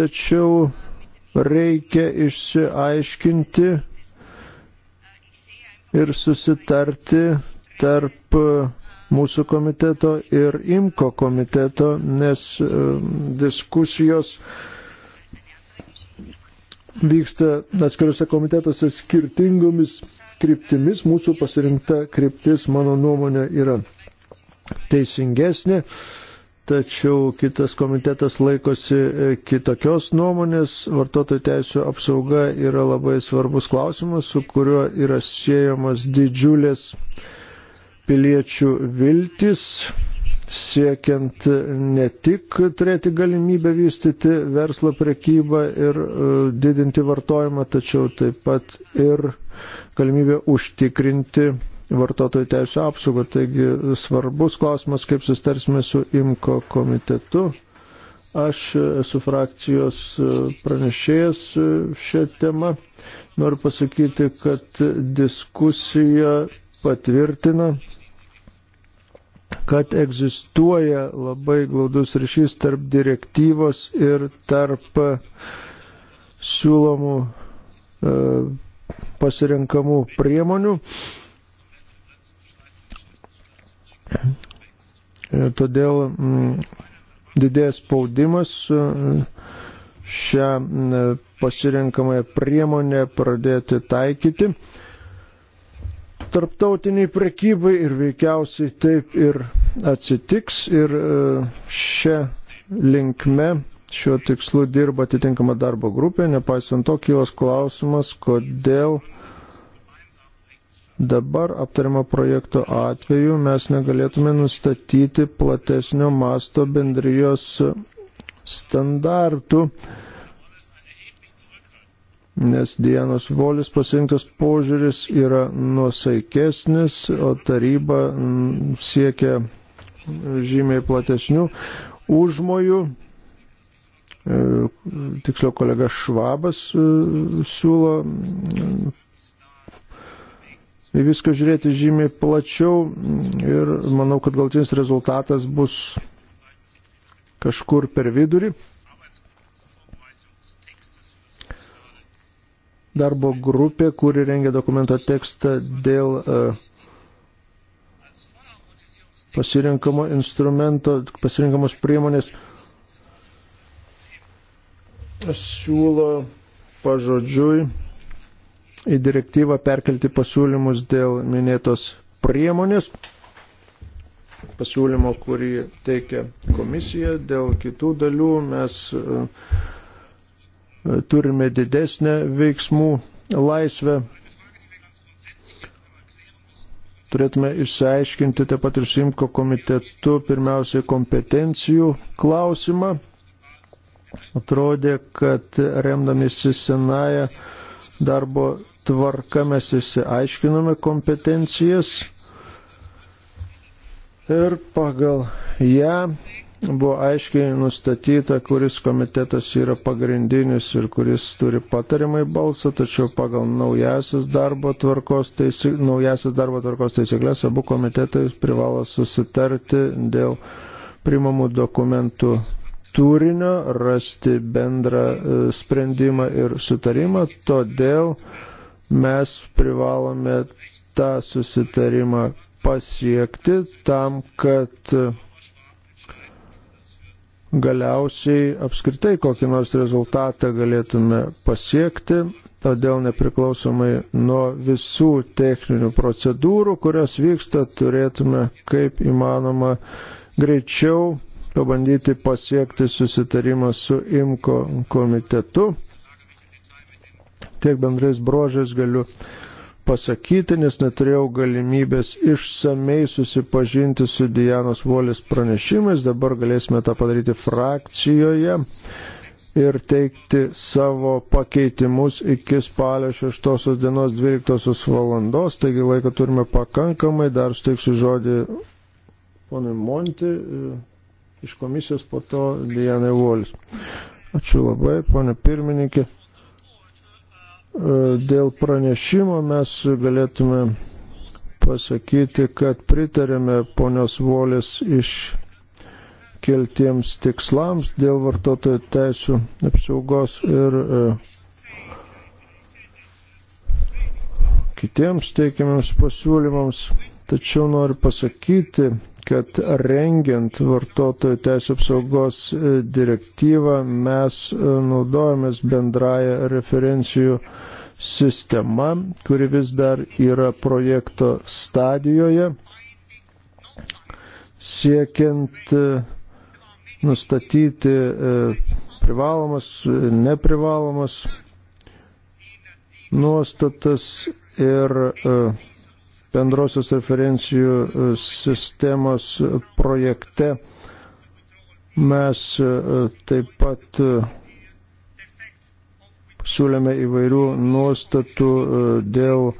tačiau reikia išsiaiškinti ir susitarti tarp mūsų komiteto ir IMKO komiteto, nes diskusijos vyksta atskiriuose komitetuose skirtingomis kryptimis. Mūsų pasirinkta kryptis, mano nuomonė, yra teisingesnė, tačiau kitas komitetas laikosi e, kitokios nuomonės. Vartotojų teisų apsauga yra labai svarbus klausimas, su kuriuo yra siejamas didžiulės piliečių viltis siekiant ne tik turėti galimybę vystyti verslo prekybą ir e, didinti vartojimą, tačiau taip pat ir galimybę užtikrinti vartotojų teisų apsaugą. Taigi svarbus klausimas, kaip sustarsime su IMKO komitetu. Aš esu frakcijos pranešėjas šią temą. Noriu pasakyti, kad diskusija patvirtina, kad egzistuoja labai glaudus ryšys tarp direktyvos ir tarp siūlomų e, pasirenkamų priemonių. E, todėl mm, didės spaudimas e, šią e, pasirenkamąją priemonę pradėti taikyti tarptautiniai prekybai ir veikiausiai taip ir atsitiks ir šią linkme šiuo tikslu dirba atitinkama darbo grupė, nepaisant to kylas klausimas, kodėl dabar aptariamo projekto atveju mes negalėtume nustatyti platesnio masto bendrijos standartų, nes Dienos Volis pasirinktas požiūris yra nuosaikesnis, o taryba siekia žymiai platesnių užmojų E, tiksliau kolega Švabas e, siūlo mm, į viską žiūrėti žymiai plačiau ir manau, kad galtinis rezultatas bus kažkur per vidurį. Darbo grupė, kuri rengia dokumento tekstą dėl e, pasirinkamo instrumento, pasirinkamos priemonės siūlo pažodžiui į direktyvą perkelti pasiūlymus dėl minėtos priemonės, pasiūlymo, kurį teikia komisija, dėl kitų dalių mes e, turime didesnę veiksmų laisvę. Turėtume išsiaiškinti taip pat ir Simko komitetu pirmiausiai kompetencijų klausimą Atrodė, kad remdamėsi senąją darbo tvarką mes įsiaiškinome kompetencijas ir pagal ją buvo aiškiai nustatyta, kuris komitetas yra pagrindinis ir kuris turi patarimai balsą, tačiau pagal naujasis darbo tvarkos, taisy, naujasis darbo tvarkos taisyklės abu komitetai privalo susitarti dėl primamų dokumentų turinio, rasti bendrą e, sprendimą ir sutarimą, todėl mes privalome tą susitarimą pasiekti tam, kad e, galiausiai apskritai kokį nors rezultatą galėtume pasiekti, todėl nepriklausomai nuo visų techninių procedūrų, kurios vyksta, turėtume kaip įmanoma greičiau pabandyti pasiekti susitarimą su IMKO komitetu. Tiek bendrais brožės galiu pasakyti, nes neturėjau galimybės išsamei susipažinti su Dianos Volis pranešimais. Dabar galėsime tą padaryti frakcijoje ir teikti savo pakeitimus iki spalio 6 dienos 12 valandos. Taigi laiko turime pakankamai. Dar steiksiu žodį ponui Monti iš komisijos po to Diana Volis. Ačiū labai, ponė pirmininkė. E, dėl pranešimo mes galėtume pasakyti, kad pritarėme ponios Volis iš keltiems tikslams dėl vartotojų teisų apsaugos ir e, kitiems teikiamiams pasiūlymams. Tačiau noriu pasakyti, kad rengiant vartotojų teisų apsaugos e, direktyvą mes e, naudojamės bendrają referencijų sistema, kuri vis dar yra projekto stadijoje, siekiant e, nustatyti privalomas, neprivalomas nuostatas ir uh, bendrosios referencijų e, sistemos projekte mes e, taip pat e, siūlėme įvairių nuostatų dėl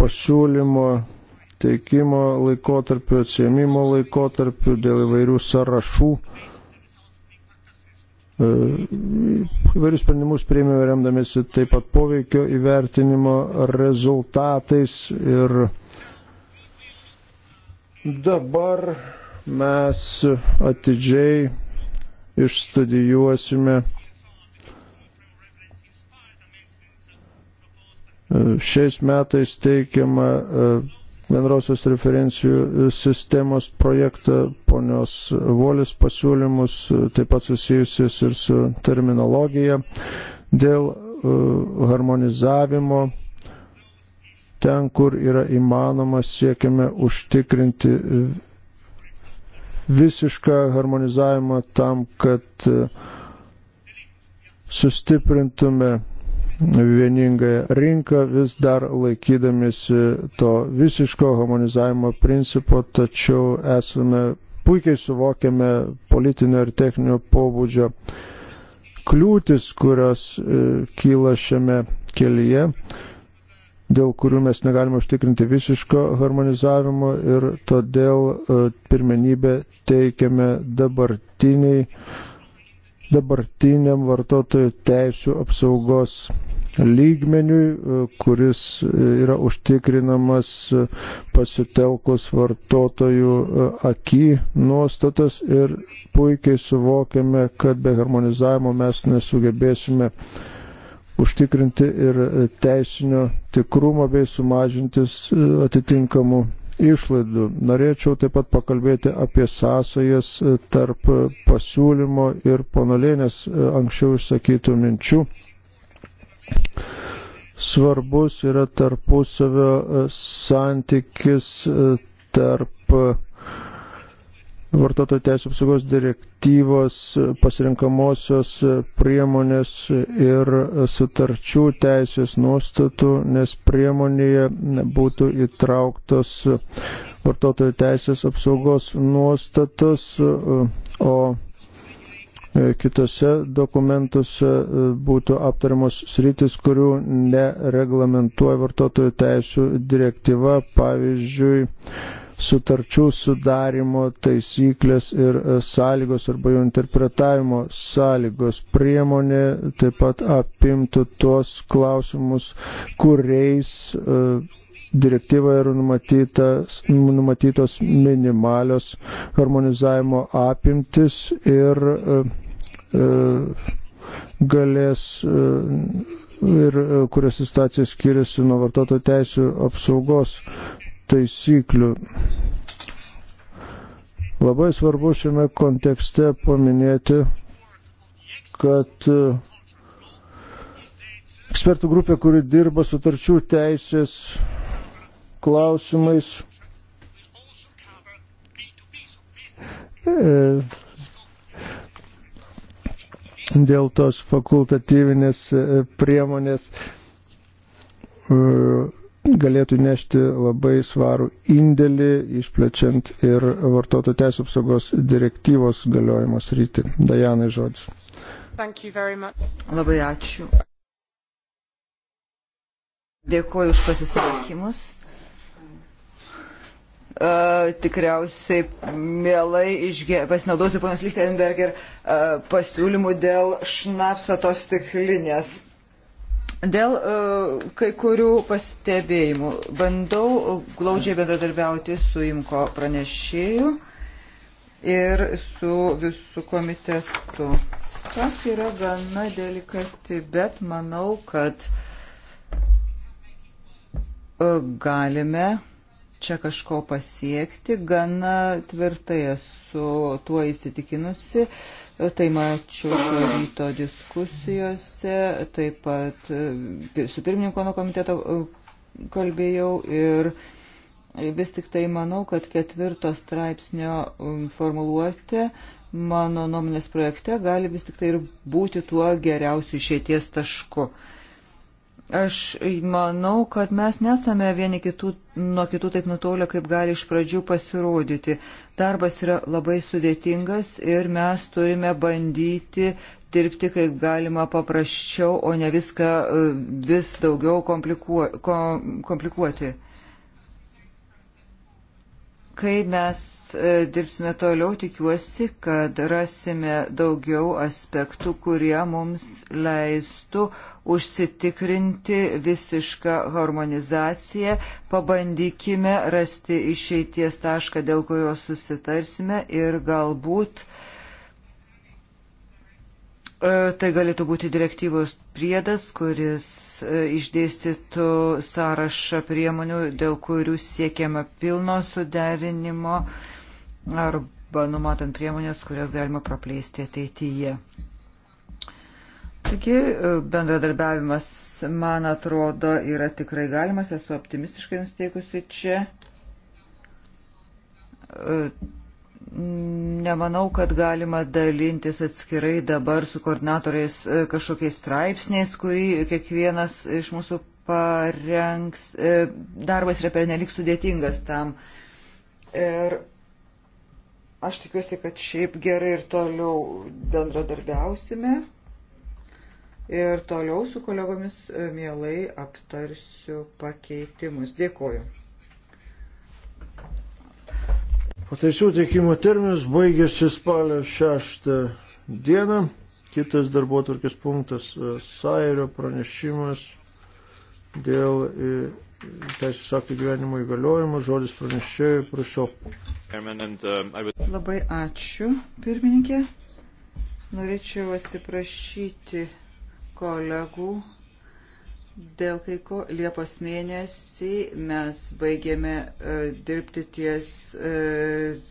pasiūlymo teikimo laikotarpiu, atsiemimo laikotarpiu, dėl įvairių sąrašų E, įvairius sprendimus priėmėme remdamėsi taip pat poveikio įvertinimo rezultatais ir dabar mes atidžiai išstudijuosime e, šiais metais teikiamą e, bendrosios referencijų sistemos projektą, ponios Volis pasiūlymus, taip pat susijusius ir su terminologija dėl e, harmonizavimo. Ten, kur yra įmanoma, siekiame užtikrinti visišką harmonizavimą tam, kad e, sustiprintume vieningąją rinką, vis dar laikydamėsi to visiško harmonizavimo principo, tačiau esame puikiai suvokiame politinio ir techninio pobūdžio kliūtis, kurios e, kyla šiame kelyje, dėl kurių mes negalime užtikrinti visiško harmonizavimo ir todėl e, pirmenybę teikiame dabartiniai dabartiniam vartotojų teisų apsaugos lygmeniui, e, kuris e, yra užtikrinamas e, pasitelkus vartotojų akį nuostatas ir puikiai suvokiame, kad be harmonizavimo mes nesugebėsime užtikrinti ir teisinio tikrumo bei sumažintis atitinkamų išlaidų. Norėčiau taip pat pakalbėti apie sąsajas tarp pasiūlymo ir ponolėnės anksčiau išsakytų minčių svarbus yra tarpusavio e, santykis e, tarp e, vartotojų teisų apsaugos direktyvos pasirinkamosios priemonės ir sutarčių teisės nuostatų, nes priemonėje būtų įtrauktos vartotojų teisės apsaugos nuostatos, o E, kitose dokumentuose e, būtų aptariamos sritis, kurių nereglamentuoja vartotojų teisų direktyva, pavyzdžiui, sutarčių sudarimo taisyklės ir e, sąlygos arba jų interpretavimo sąlygos priemonė taip pat apimtų tuos klausimus, kuriais direktyvoje yra numatytos minimalios harmonizavimo apimtis ir e, e, galės e, ir kurios situacija skiriasi nuo vartotojų teisų apsaugos taisyklių. Labai svarbu šiame kontekste paminėti, kad ekspertų grupė, kuri dirba sutarčių teisės klausimais. E, dėl tos fakultatyvinės e, priemonės e, galėtų nešti labai svarų indėlį, išplečiant ir vartotojų teisų apsaugos direktyvos galiojimas rytį. Dajanai žodis. Labai ačiū. Dėkuoju už pasisakymus. E, tikriausiai mielai pasinaudosiu ponas Lichtenberger e, pasiūlymų dėl šnapso tos stiklinės. Dėl uh, kai kurių pastebėjimų bandau glaudžiai bendradarbiauti su Imko pranešėju ir su visų komitetu. Situacija yra gana delikati, bet manau, kad uh, galime čia kažko pasiekti, gana tvirtai esu tuo įsitikinusi. Tai mačiau šio ryto diskusijose, taip pat e, su pirmininko nuo komiteto e, kalbėjau ir vis tik tai manau, kad ketvirto straipsnio e, formuluotė mano nuomonės projekte gali vis tik tai ir būti tuo geriausiu išėties tašku. Aš manau, kad mes nesame vieni kitų, nuo kitų taip nutolę, kaip gali iš pradžių pasirodyti. Darbas yra labai sudėtingas ir mes turime bandyti dirbti kaip galima paprasčiau, o ne viską e, vis daugiau kompliku, kom, komplikuoti. Kai mes e, dirbsime toliau, tikiuosi, kad rasime daugiau aspektų, kurie mums leistų užsitikrinti visišką harmonizaciją. Pabandykime rasti išeities tašką, dėl kurio susitarsime ir galbūt e, tai galėtų būti direktyvos priedas, kuris e, išdėstytų sąrašą priemonių, dėl kurių siekiama pilno suderinimo arba numatant priemonės, kurias galima praplėsti ateityje. Taigi e, bendradarbiavimas, man atrodo, yra tikrai galimas, esu optimistiškai nusteikusi čia e, Nemanau, kad galima dalintis atskirai dabar su koordinatoriais e, kažkokiais straipsniais, kurį kiekvienas iš mūsų parengs. E, darbas yra pernelik sudėtingas tam. Ir aš tikiuosi, kad šiaip gerai ir toliau bendradarbiausime. Ir toliau su kolegomis e, mielai aptarsiu pakeitimus. Dėkoju. Pataisų teikimo terminas baigėsi spalio 6 dieną. Kitas darbo tvarkės punktas e, - Sairio pranešimas dėl e, teisės aktų gyvenimo įgaliojimo. Žodis pranešėjai, prašau. Um, Labai ačiū, pirmininkė. Norėčiau atsiprašyti kolegų Dėl kai ko Liepos mėnesį mes baigėme e, dirbti ties e,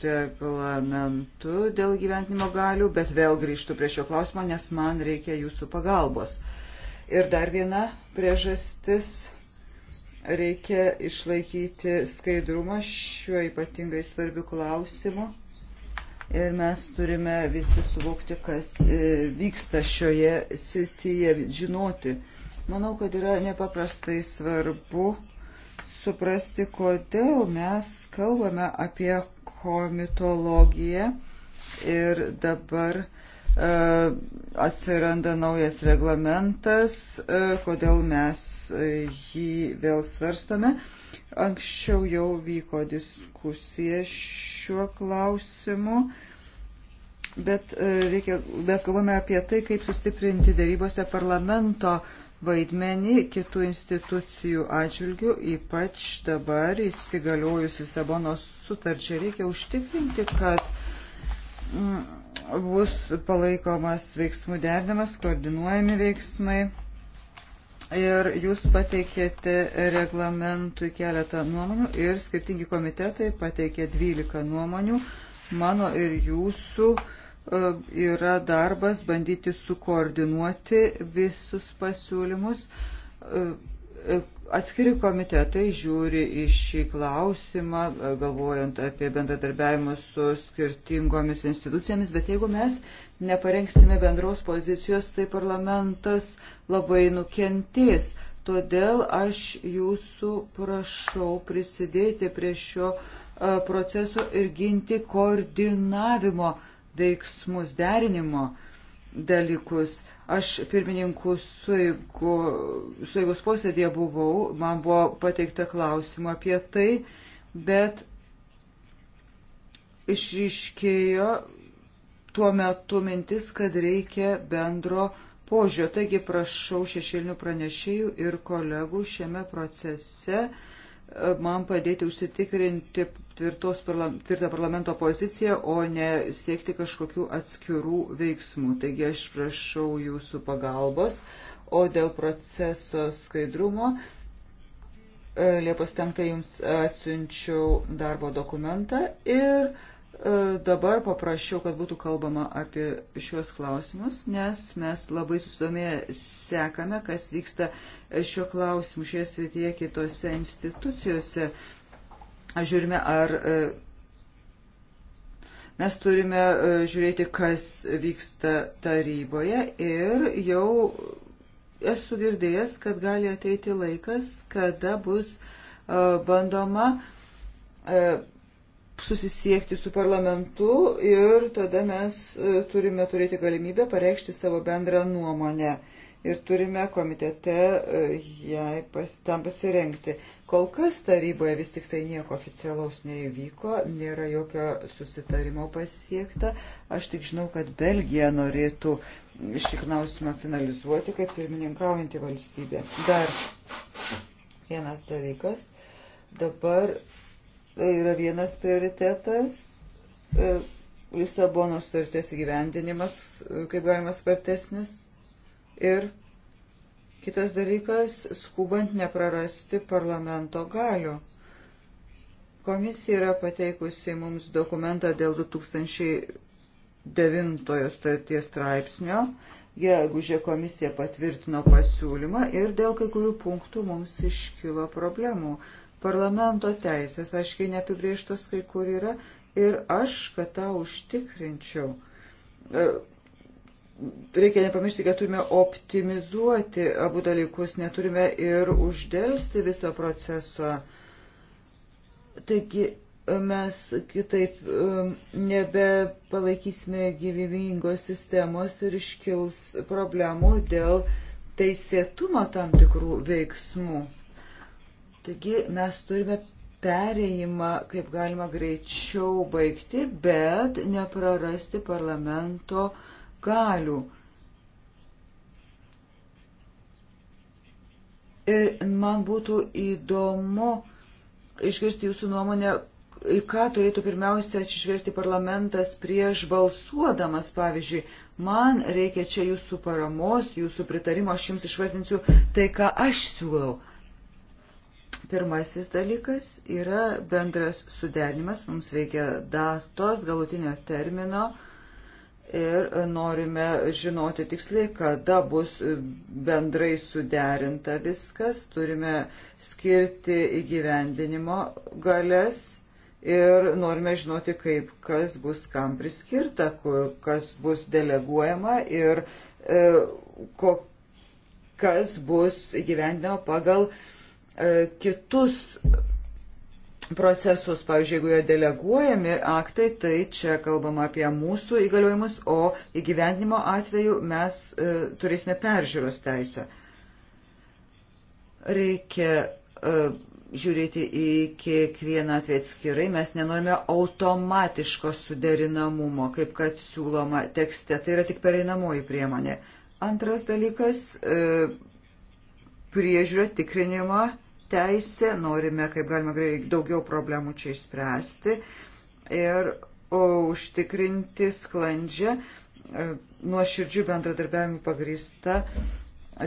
reglamentu dėl gyventinimo galių, bet vėl grįžtu prie šio klausimo, nes man reikia jūsų pagalbos. Ir dar viena priežastis - reikia išlaikyti skaidrumą šiuo ypatingai svarbiu klausimu. Ir mes turime visi suvokti, kas e, vyksta šioje srityje, žinoti Manau, kad yra nepaprastai svarbu suprasti, kodėl mes kalbame apie komitologiją ir dabar e, atsiranda naujas reglamentas, e, kodėl mes e, jį vėl svarstome. Anksčiau jau vyko diskusija šiuo klausimu, bet reikia, mes kalbame apie tai, kaip sustiprinti darybose parlamento vaidmenį kitų institucijų atžvilgių, ypač dabar įsigaliojus Lisabonos sutarčiai. Reikia užtikrinti, kad mm, bus palaikomas veiksmų derinimas, koordinuojami veiksmai. Ir jūs pateikėte reglamentui keletą nuomonių ir skirtingi komitetai pateikė 12 nuomonių, mano ir jūsų uh, yra darbas bandyti sukoordinuoti visus pasiūlymus. E, atskiri komitetai žiūri į šį klausimą, galvojant apie bendradarbiavimą su skirtingomis institucijomis, bet jeigu mes neparengsime bendros pozicijos, tai parlamentas labai nukentės. Todėl aš jūsų prašau prisidėti prie šio e, proceso ir ginti koordinavimo uh, veiksmus derinimo dalykus. Aš pirmininkų suėgos posėdėje buvau, man buvo pateikta klausimų apie tai, bet išryškėjo tuo metu mintis, kad reikia bendro požiūrio. Taigi prašau šešėlinių pranešėjų ir kolegų šiame procese e, man padėti užsitikrinti tvirtos, tvirtą parlamento poziciją, o ne siekti kažkokių atskirų veiksmų. Taigi aš prašau jūsų pagalbos, o dėl proceso skaidrumo. E, Liepos 5 jums atsiunčiau darbo dokumentą ir e, dabar paprašiau, kad būtų kalbama apie šiuos klausimus, nes mes labai susidomėję sekame, kas vyksta šiuo klausimu šioje srityje kitose institucijose žiūrime, ar e, mes turime e, žiūrėti, kas vyksta taryboje ir jau esu girdėjęs, kad gali ateiti laikas, kada bus e, bandoma susisiekti su parlamentu ir tada mes turime turėti galimybę pareikšti savo bendrą nuomonę ir turime komitete e, jai pas, tam pasirengti. Kol kas taryboje vis tik tai nieko oficialaus neįvyko, nėra jokio susitarimo pasiekta. Aš tik žinau, kad Belgija norėtų šį klausimą finalizuoti kaip pirmininkaujanti valstybė. Dar vienas dalykas. Dabar tai yra vienas prioritetas. E, Lisabono sutarties įgyvendinimas, e, kaip galima spartesnis, Ir kitas dalykas - skubant neprarasti parlamento galių. Komisija yra pateikusi mums dokumentą dėl 2009 starties straipsnio, gegužė komisija patvirtino pasiūlymą ir dėl kai kurių punktų mums iškilo problemų. Parlamento teisės aiškiai neapibrieštos kai kur yra ir aš, kad tą užtikrinčiau, reikia nepamiršti, kad turime optimizuoti abu dalykus, neturime ir uždėlsti viso proceso. Taigi mes kitaip um, nebepalaikysime gyvybingos sistemos ir iškils problemų dėl teisėtumo tam tikrų veiksmų. Taigi mes turime perėjimą kaip galima greičiau baigti, bet neprarasti parlamento uh, galių. Ir man būtų įdomu išgirsti jūsų nuomonę, į ką turėtų pirmiausia atsižvelgti parlamentas prieš balsuodamas, pavyzdžiui, man reikia čia jūsų paramos, jūsų pritarimo, aš jums išvardinsiu tai, ką aš siūlau. Pirmasis dalykas yra bendras suderinimas, mums reikia datos, galutinio termino, ir norime žinoti tiksliai, kada bus bendrai suderinta viskas, turime skirti įgyvendinimo galės ir norime žinoti, kaip kas bus kam priskirta, kur kas bus deleguojama ir e, ko, kas bus įgyvendinama pagal e, kitus procesus. Pavyzdžiui, jeigu jie deleguojami aktai, tai čia kalbama apie mūsų įgaliojimus, o įgyvendinimo atveju mes e, turėsime peržiūros teisę. Reikia e, žiūrėti į kiekvieną atvejį atskirai. Mes nenorime automatiško suderinamumo, kaip kad siūloma tekste. Tai yra tik pereinamoji priemonė. Antras dalykas e, - priežiūra tikrinimo teisę, norime kaip galima daugiau problemų čia išspręsti ir užtikrinti sklandžią e, nuoširdžių bendradarbiavimų pagrįsta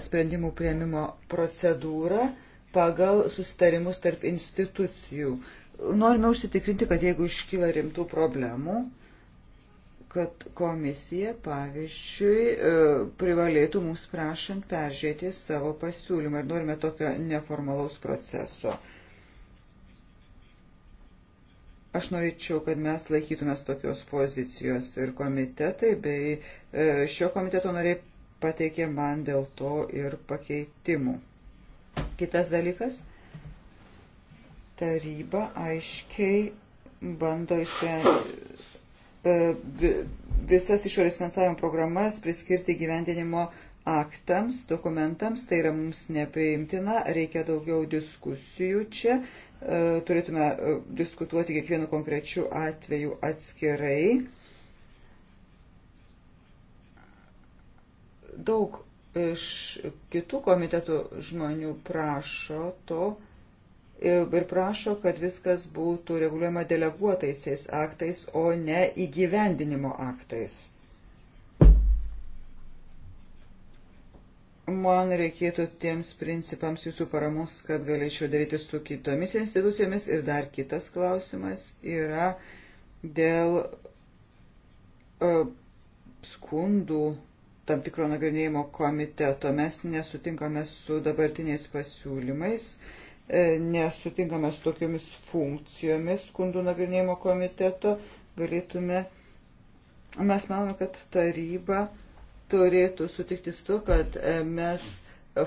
sprendimų prieimimo procedūra pagal sustarimus tarp institucijų. Norime užsitikrinti, kad jeigu iškyla rimtų problemų, kad komisija, pavyzdžiui, e, privalėtų mums prašant peržiūrėti savo pasiūlymą ir norime tokio neformalaus proceso. Aš norėčiau, kad mes laikytumės tokios pozicijos ir komitetai, bei e, šio komiteto nariai pateikė man dėl to ir pakeitimų. Kitas dalykas. Taryba aiškiai bando išspręsti E, visas išorės finansavimo programas priskirti gyvendinimo aktams, dokumentams, tai yra mums nepriimtina, reikia daugiau diskusijų čia, e, turėtume e, diskutuoti kiekvienu konkrečiu atveju atskirai. Daug iš kitų komitetų žmonių prašo to, ir prašo, kad viskas būtų reguliuojama deleguotaisiais aktais, o ne įgyvendinimo aktais. Man reikėtų tiems principams jūsų paramos, kad galėčiau daryti su kitomis institucijomis. Ir dar kitas klausimas yra dėl uh, skundų tam tikro nagrinėjimo komiteto. Mes nesutinkame su dabartiniais pasiūlymais. Uh, E, nesutinkame su tokiamis funkcijomis skundų nagrinėjimo komiteto, galėtume, mes manome, kad taryba turėtų sutikti su to, kad e, mes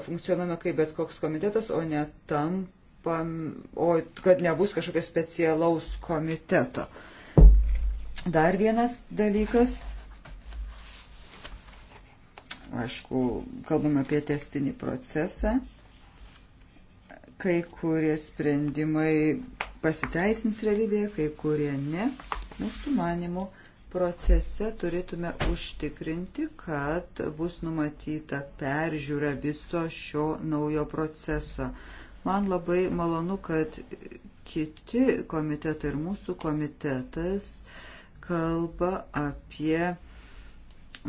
funkcionuojame kaip bet koks komitetas, o ne tampam, o kad nebus kažkokio specialaus komiteto. Dar vienas dalykas. Aišku, kalbame apie testinį procesą kai kurie sprendimai pasiteisins realybėje, kai kurie ne. Mūsų manimų procese turėtume užtikrinti, kad bus numatyta peržiūra viso šio naujo proceso. Man labai malonu, kad kiti komitetai ir mūsų komitetas kalba apie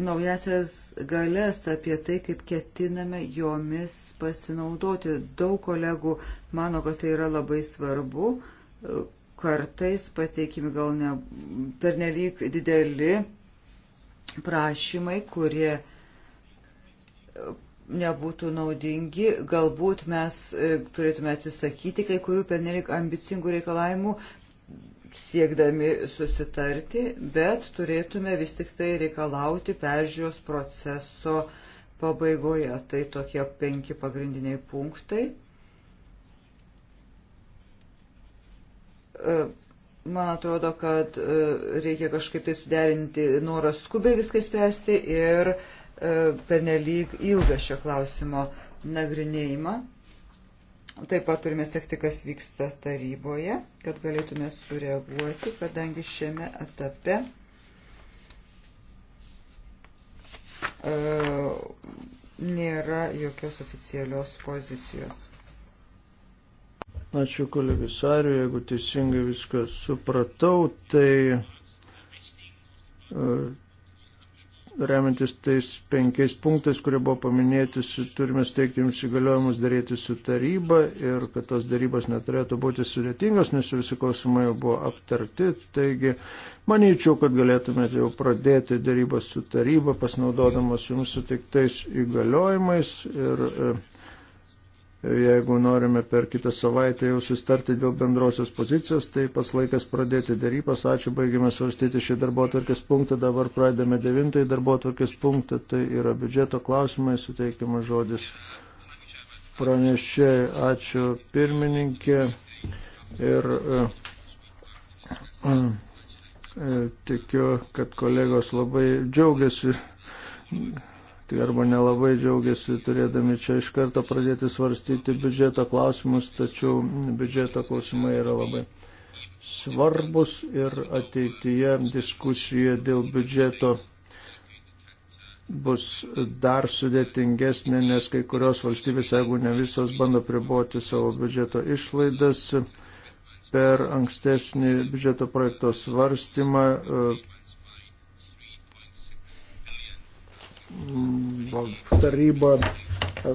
naujasias galės apie tai, kaip ketiname jomis pasinaudoti. Daug kolegų mano, kad tai yra labai svarbu. Kartais pateikimi gal ne pernelyg dideli prašymai, kurie nebūtų naudingi, galbūt mes e, turėtume atsisakyti kai kurių pernelik ambicingų reikalavimų, siekdami susitarti, bet turėtume vis tik tai reikalauti peržiūros proceso pabaigoje. Tai tokie penki pagrindiniai punktai. E, man atrodo, kad e, reikia kažkaip tai suderinti norą skubiai viską spręsti ir e, pernelyg ilgą šio klausimo nagrinėjimą. Taip pat turime sekti, kas vyksta taryboje, kad galėtume sureaguoti, kadangi šiame etape e, nėra jokios oficialios pozicijos. Ačiū kolegisariu, jeigu teisingai viską supratau, tai e, remiantis tais penkiais punktais, kurie buvo paminėti, turime steigti jums įgaliojimus daryti su taryba ir kad tos darybos neturėtų būti sudėtingos, nes visi klausimai jau buvo aptarti. Taigi, manyčiau, kad galėtumėte jau pradėti darybas su taryba, pasinaudodamas jums sutiktais įgaliojimais ir e, Jeigu norime per kitą savaitę jau sustarti dėl bendrosios pozicijos, tai pas laikas pradėti darybas. Ačiū, baigėme svarstyti šį darbo atvarkės punktą, dabar pradėme devintąjį darbo atvarkės punktą, tai yra biudžeto klausimai, suteikiamas žodis pranešėjai. Ačiū pirmininkė ir e, e, tikiu, kad kolegos labai džiaugiasi tai arba nelabai džiaugiasi turėdami čia iš karto pradėti svarstyti biudžeto klausimus, tačiau biudžeto klausimai yra labai svarbus ir ateityje diskusija dėl biudžeto bus dar sudėtingesnė, nes kai kurios valstybės, jeigu ne visos, bando priboti savo biudžeto išlaidas. Per ankstesnį biudžeto projekto svarstymą Mm, taryba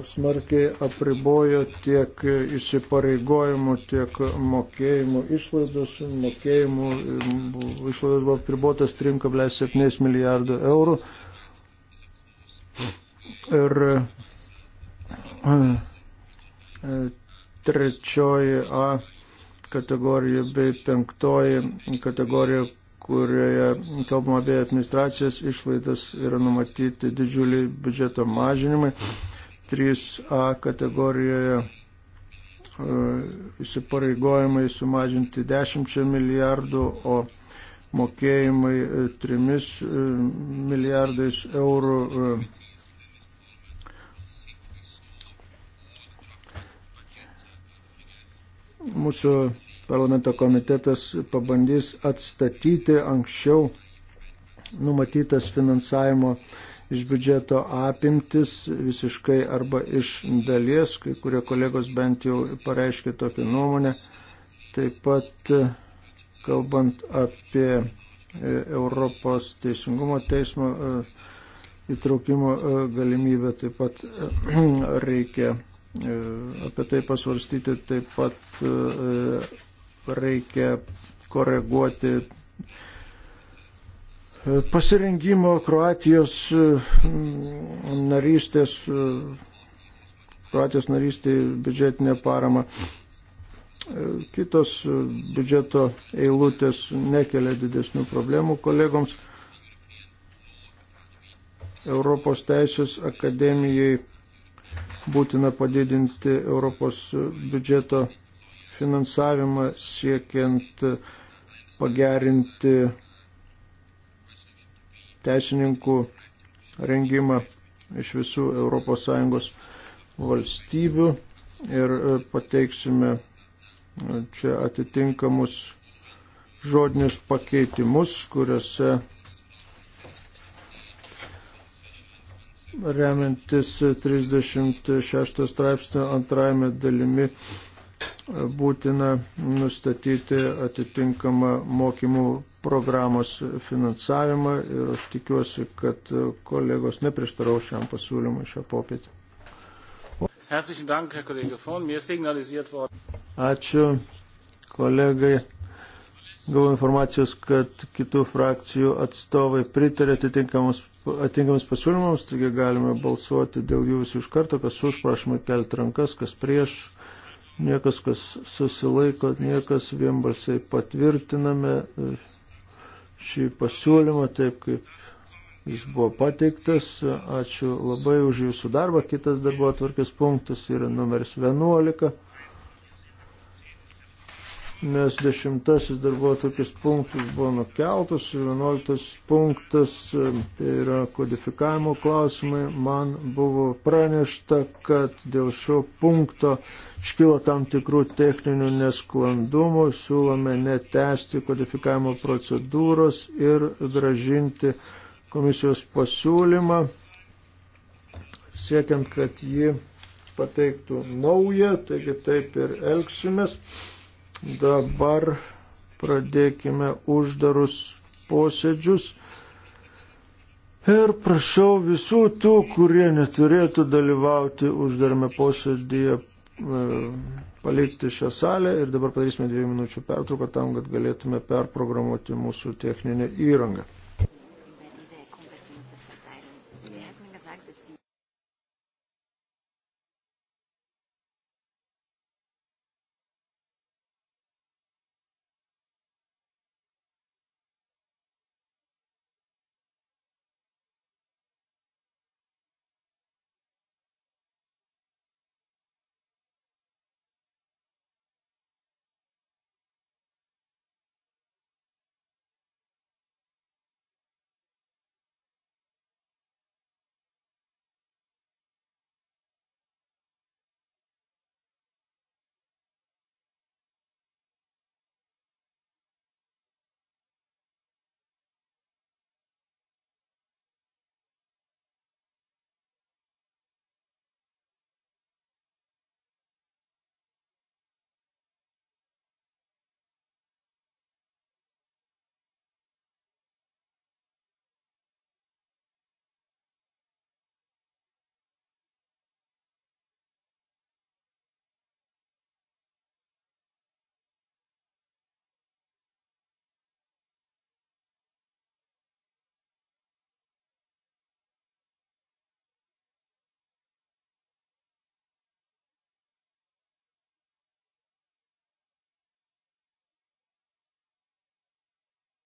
smarkiai apribojo tiek įsipareigojimų, tiek mokėjimų išlaidos. Mokėjimų mm, išlaidos buvo apribotas 3,7 milijardų eurų. Ir e, trečioji A kategorija bei penktoji kategorija kurioje kalbama apie administracijos išlaidas, yra numatyti didžiuliai biudžeto mažinimai. 3A kategorijoje e, įsipareigojimai sumažinti 10 milijardų, o mokėjimai 3 e, e, milijardais eurų. Mūsų parlamento komitetas pabandys atstatyti anksčiau numatytas finansavimo iš biudžeto apimtis visiškai arba iš dalies, kai kurie kolegos bent jau pareiškė tokią nuomonę. Taip pat e, kalbant apie e, Europos teisingumo teismo e, įtraukimo galimybę, taip pat reikia apie tai pasvarstyti, taip pat reikia koreguoti pasirengimo Kroatijos mm, narystės, Kroatijos narystė biudžetinė parama. Kitos biudžeto eilutės nekelia didesnių problemų kolegoms. Europos Teisės akademijai būtina padidinti Europos biudžeto finansavimą siekiant pagerinti teisininkų rengimą iš visų ES valstybių ir e, pateiksime e, čia atitinkamus žodinius pakeitimus, kuriuose remiantis 36 straipsnio antrajame dalimi būtina nustatyti atitinkamą mokymų programos finansavimą ir aš tikiuosi, kad kolegos neprieštarau šiam pasiūlymui šią popietę. Ačiū kolegai. Gavau informacijos, kad kitų frakcijų atstovai pritarė atitinkamus atinkamus pasiūlymams, taigi galime balsuoti dėl jų visų iš karto, kas už, prašymai kelti rankas, kas prieš niekas, kas susilaiko, niekas vienbalsiai patvirtiname e, šį pasiūlymą taip, kaip jis buvo pateiktas. Ačiū labai už jūsų darbą. Kitas darbo atvarkės punktas yra numeris 11 nes dešimtasis darbuotojas punktas buvo nukeltas, vienuoliktas punktas, tai yra kodifikavimo klausimai, man buvo pranešta, kad dėl šio punkto iškilo tam tikrų techninių nesklandumų, siūlome netesti kodifikavimo procedūros ir gražinti komisijos pasiūlymą, siekiant, kad ji pateiktų naują, taigi taip ir elgsimės. Dabar pradėkime uždarus posėdžius. Ir prašau visų tų, kurie neturėtų dalyvauti uždarame posėdėje, e, palikti šią salę ir dabar padarysime dviejų minučių pertrauką tam, kad galėtume perprogramuoti mūsų techninę įrangą.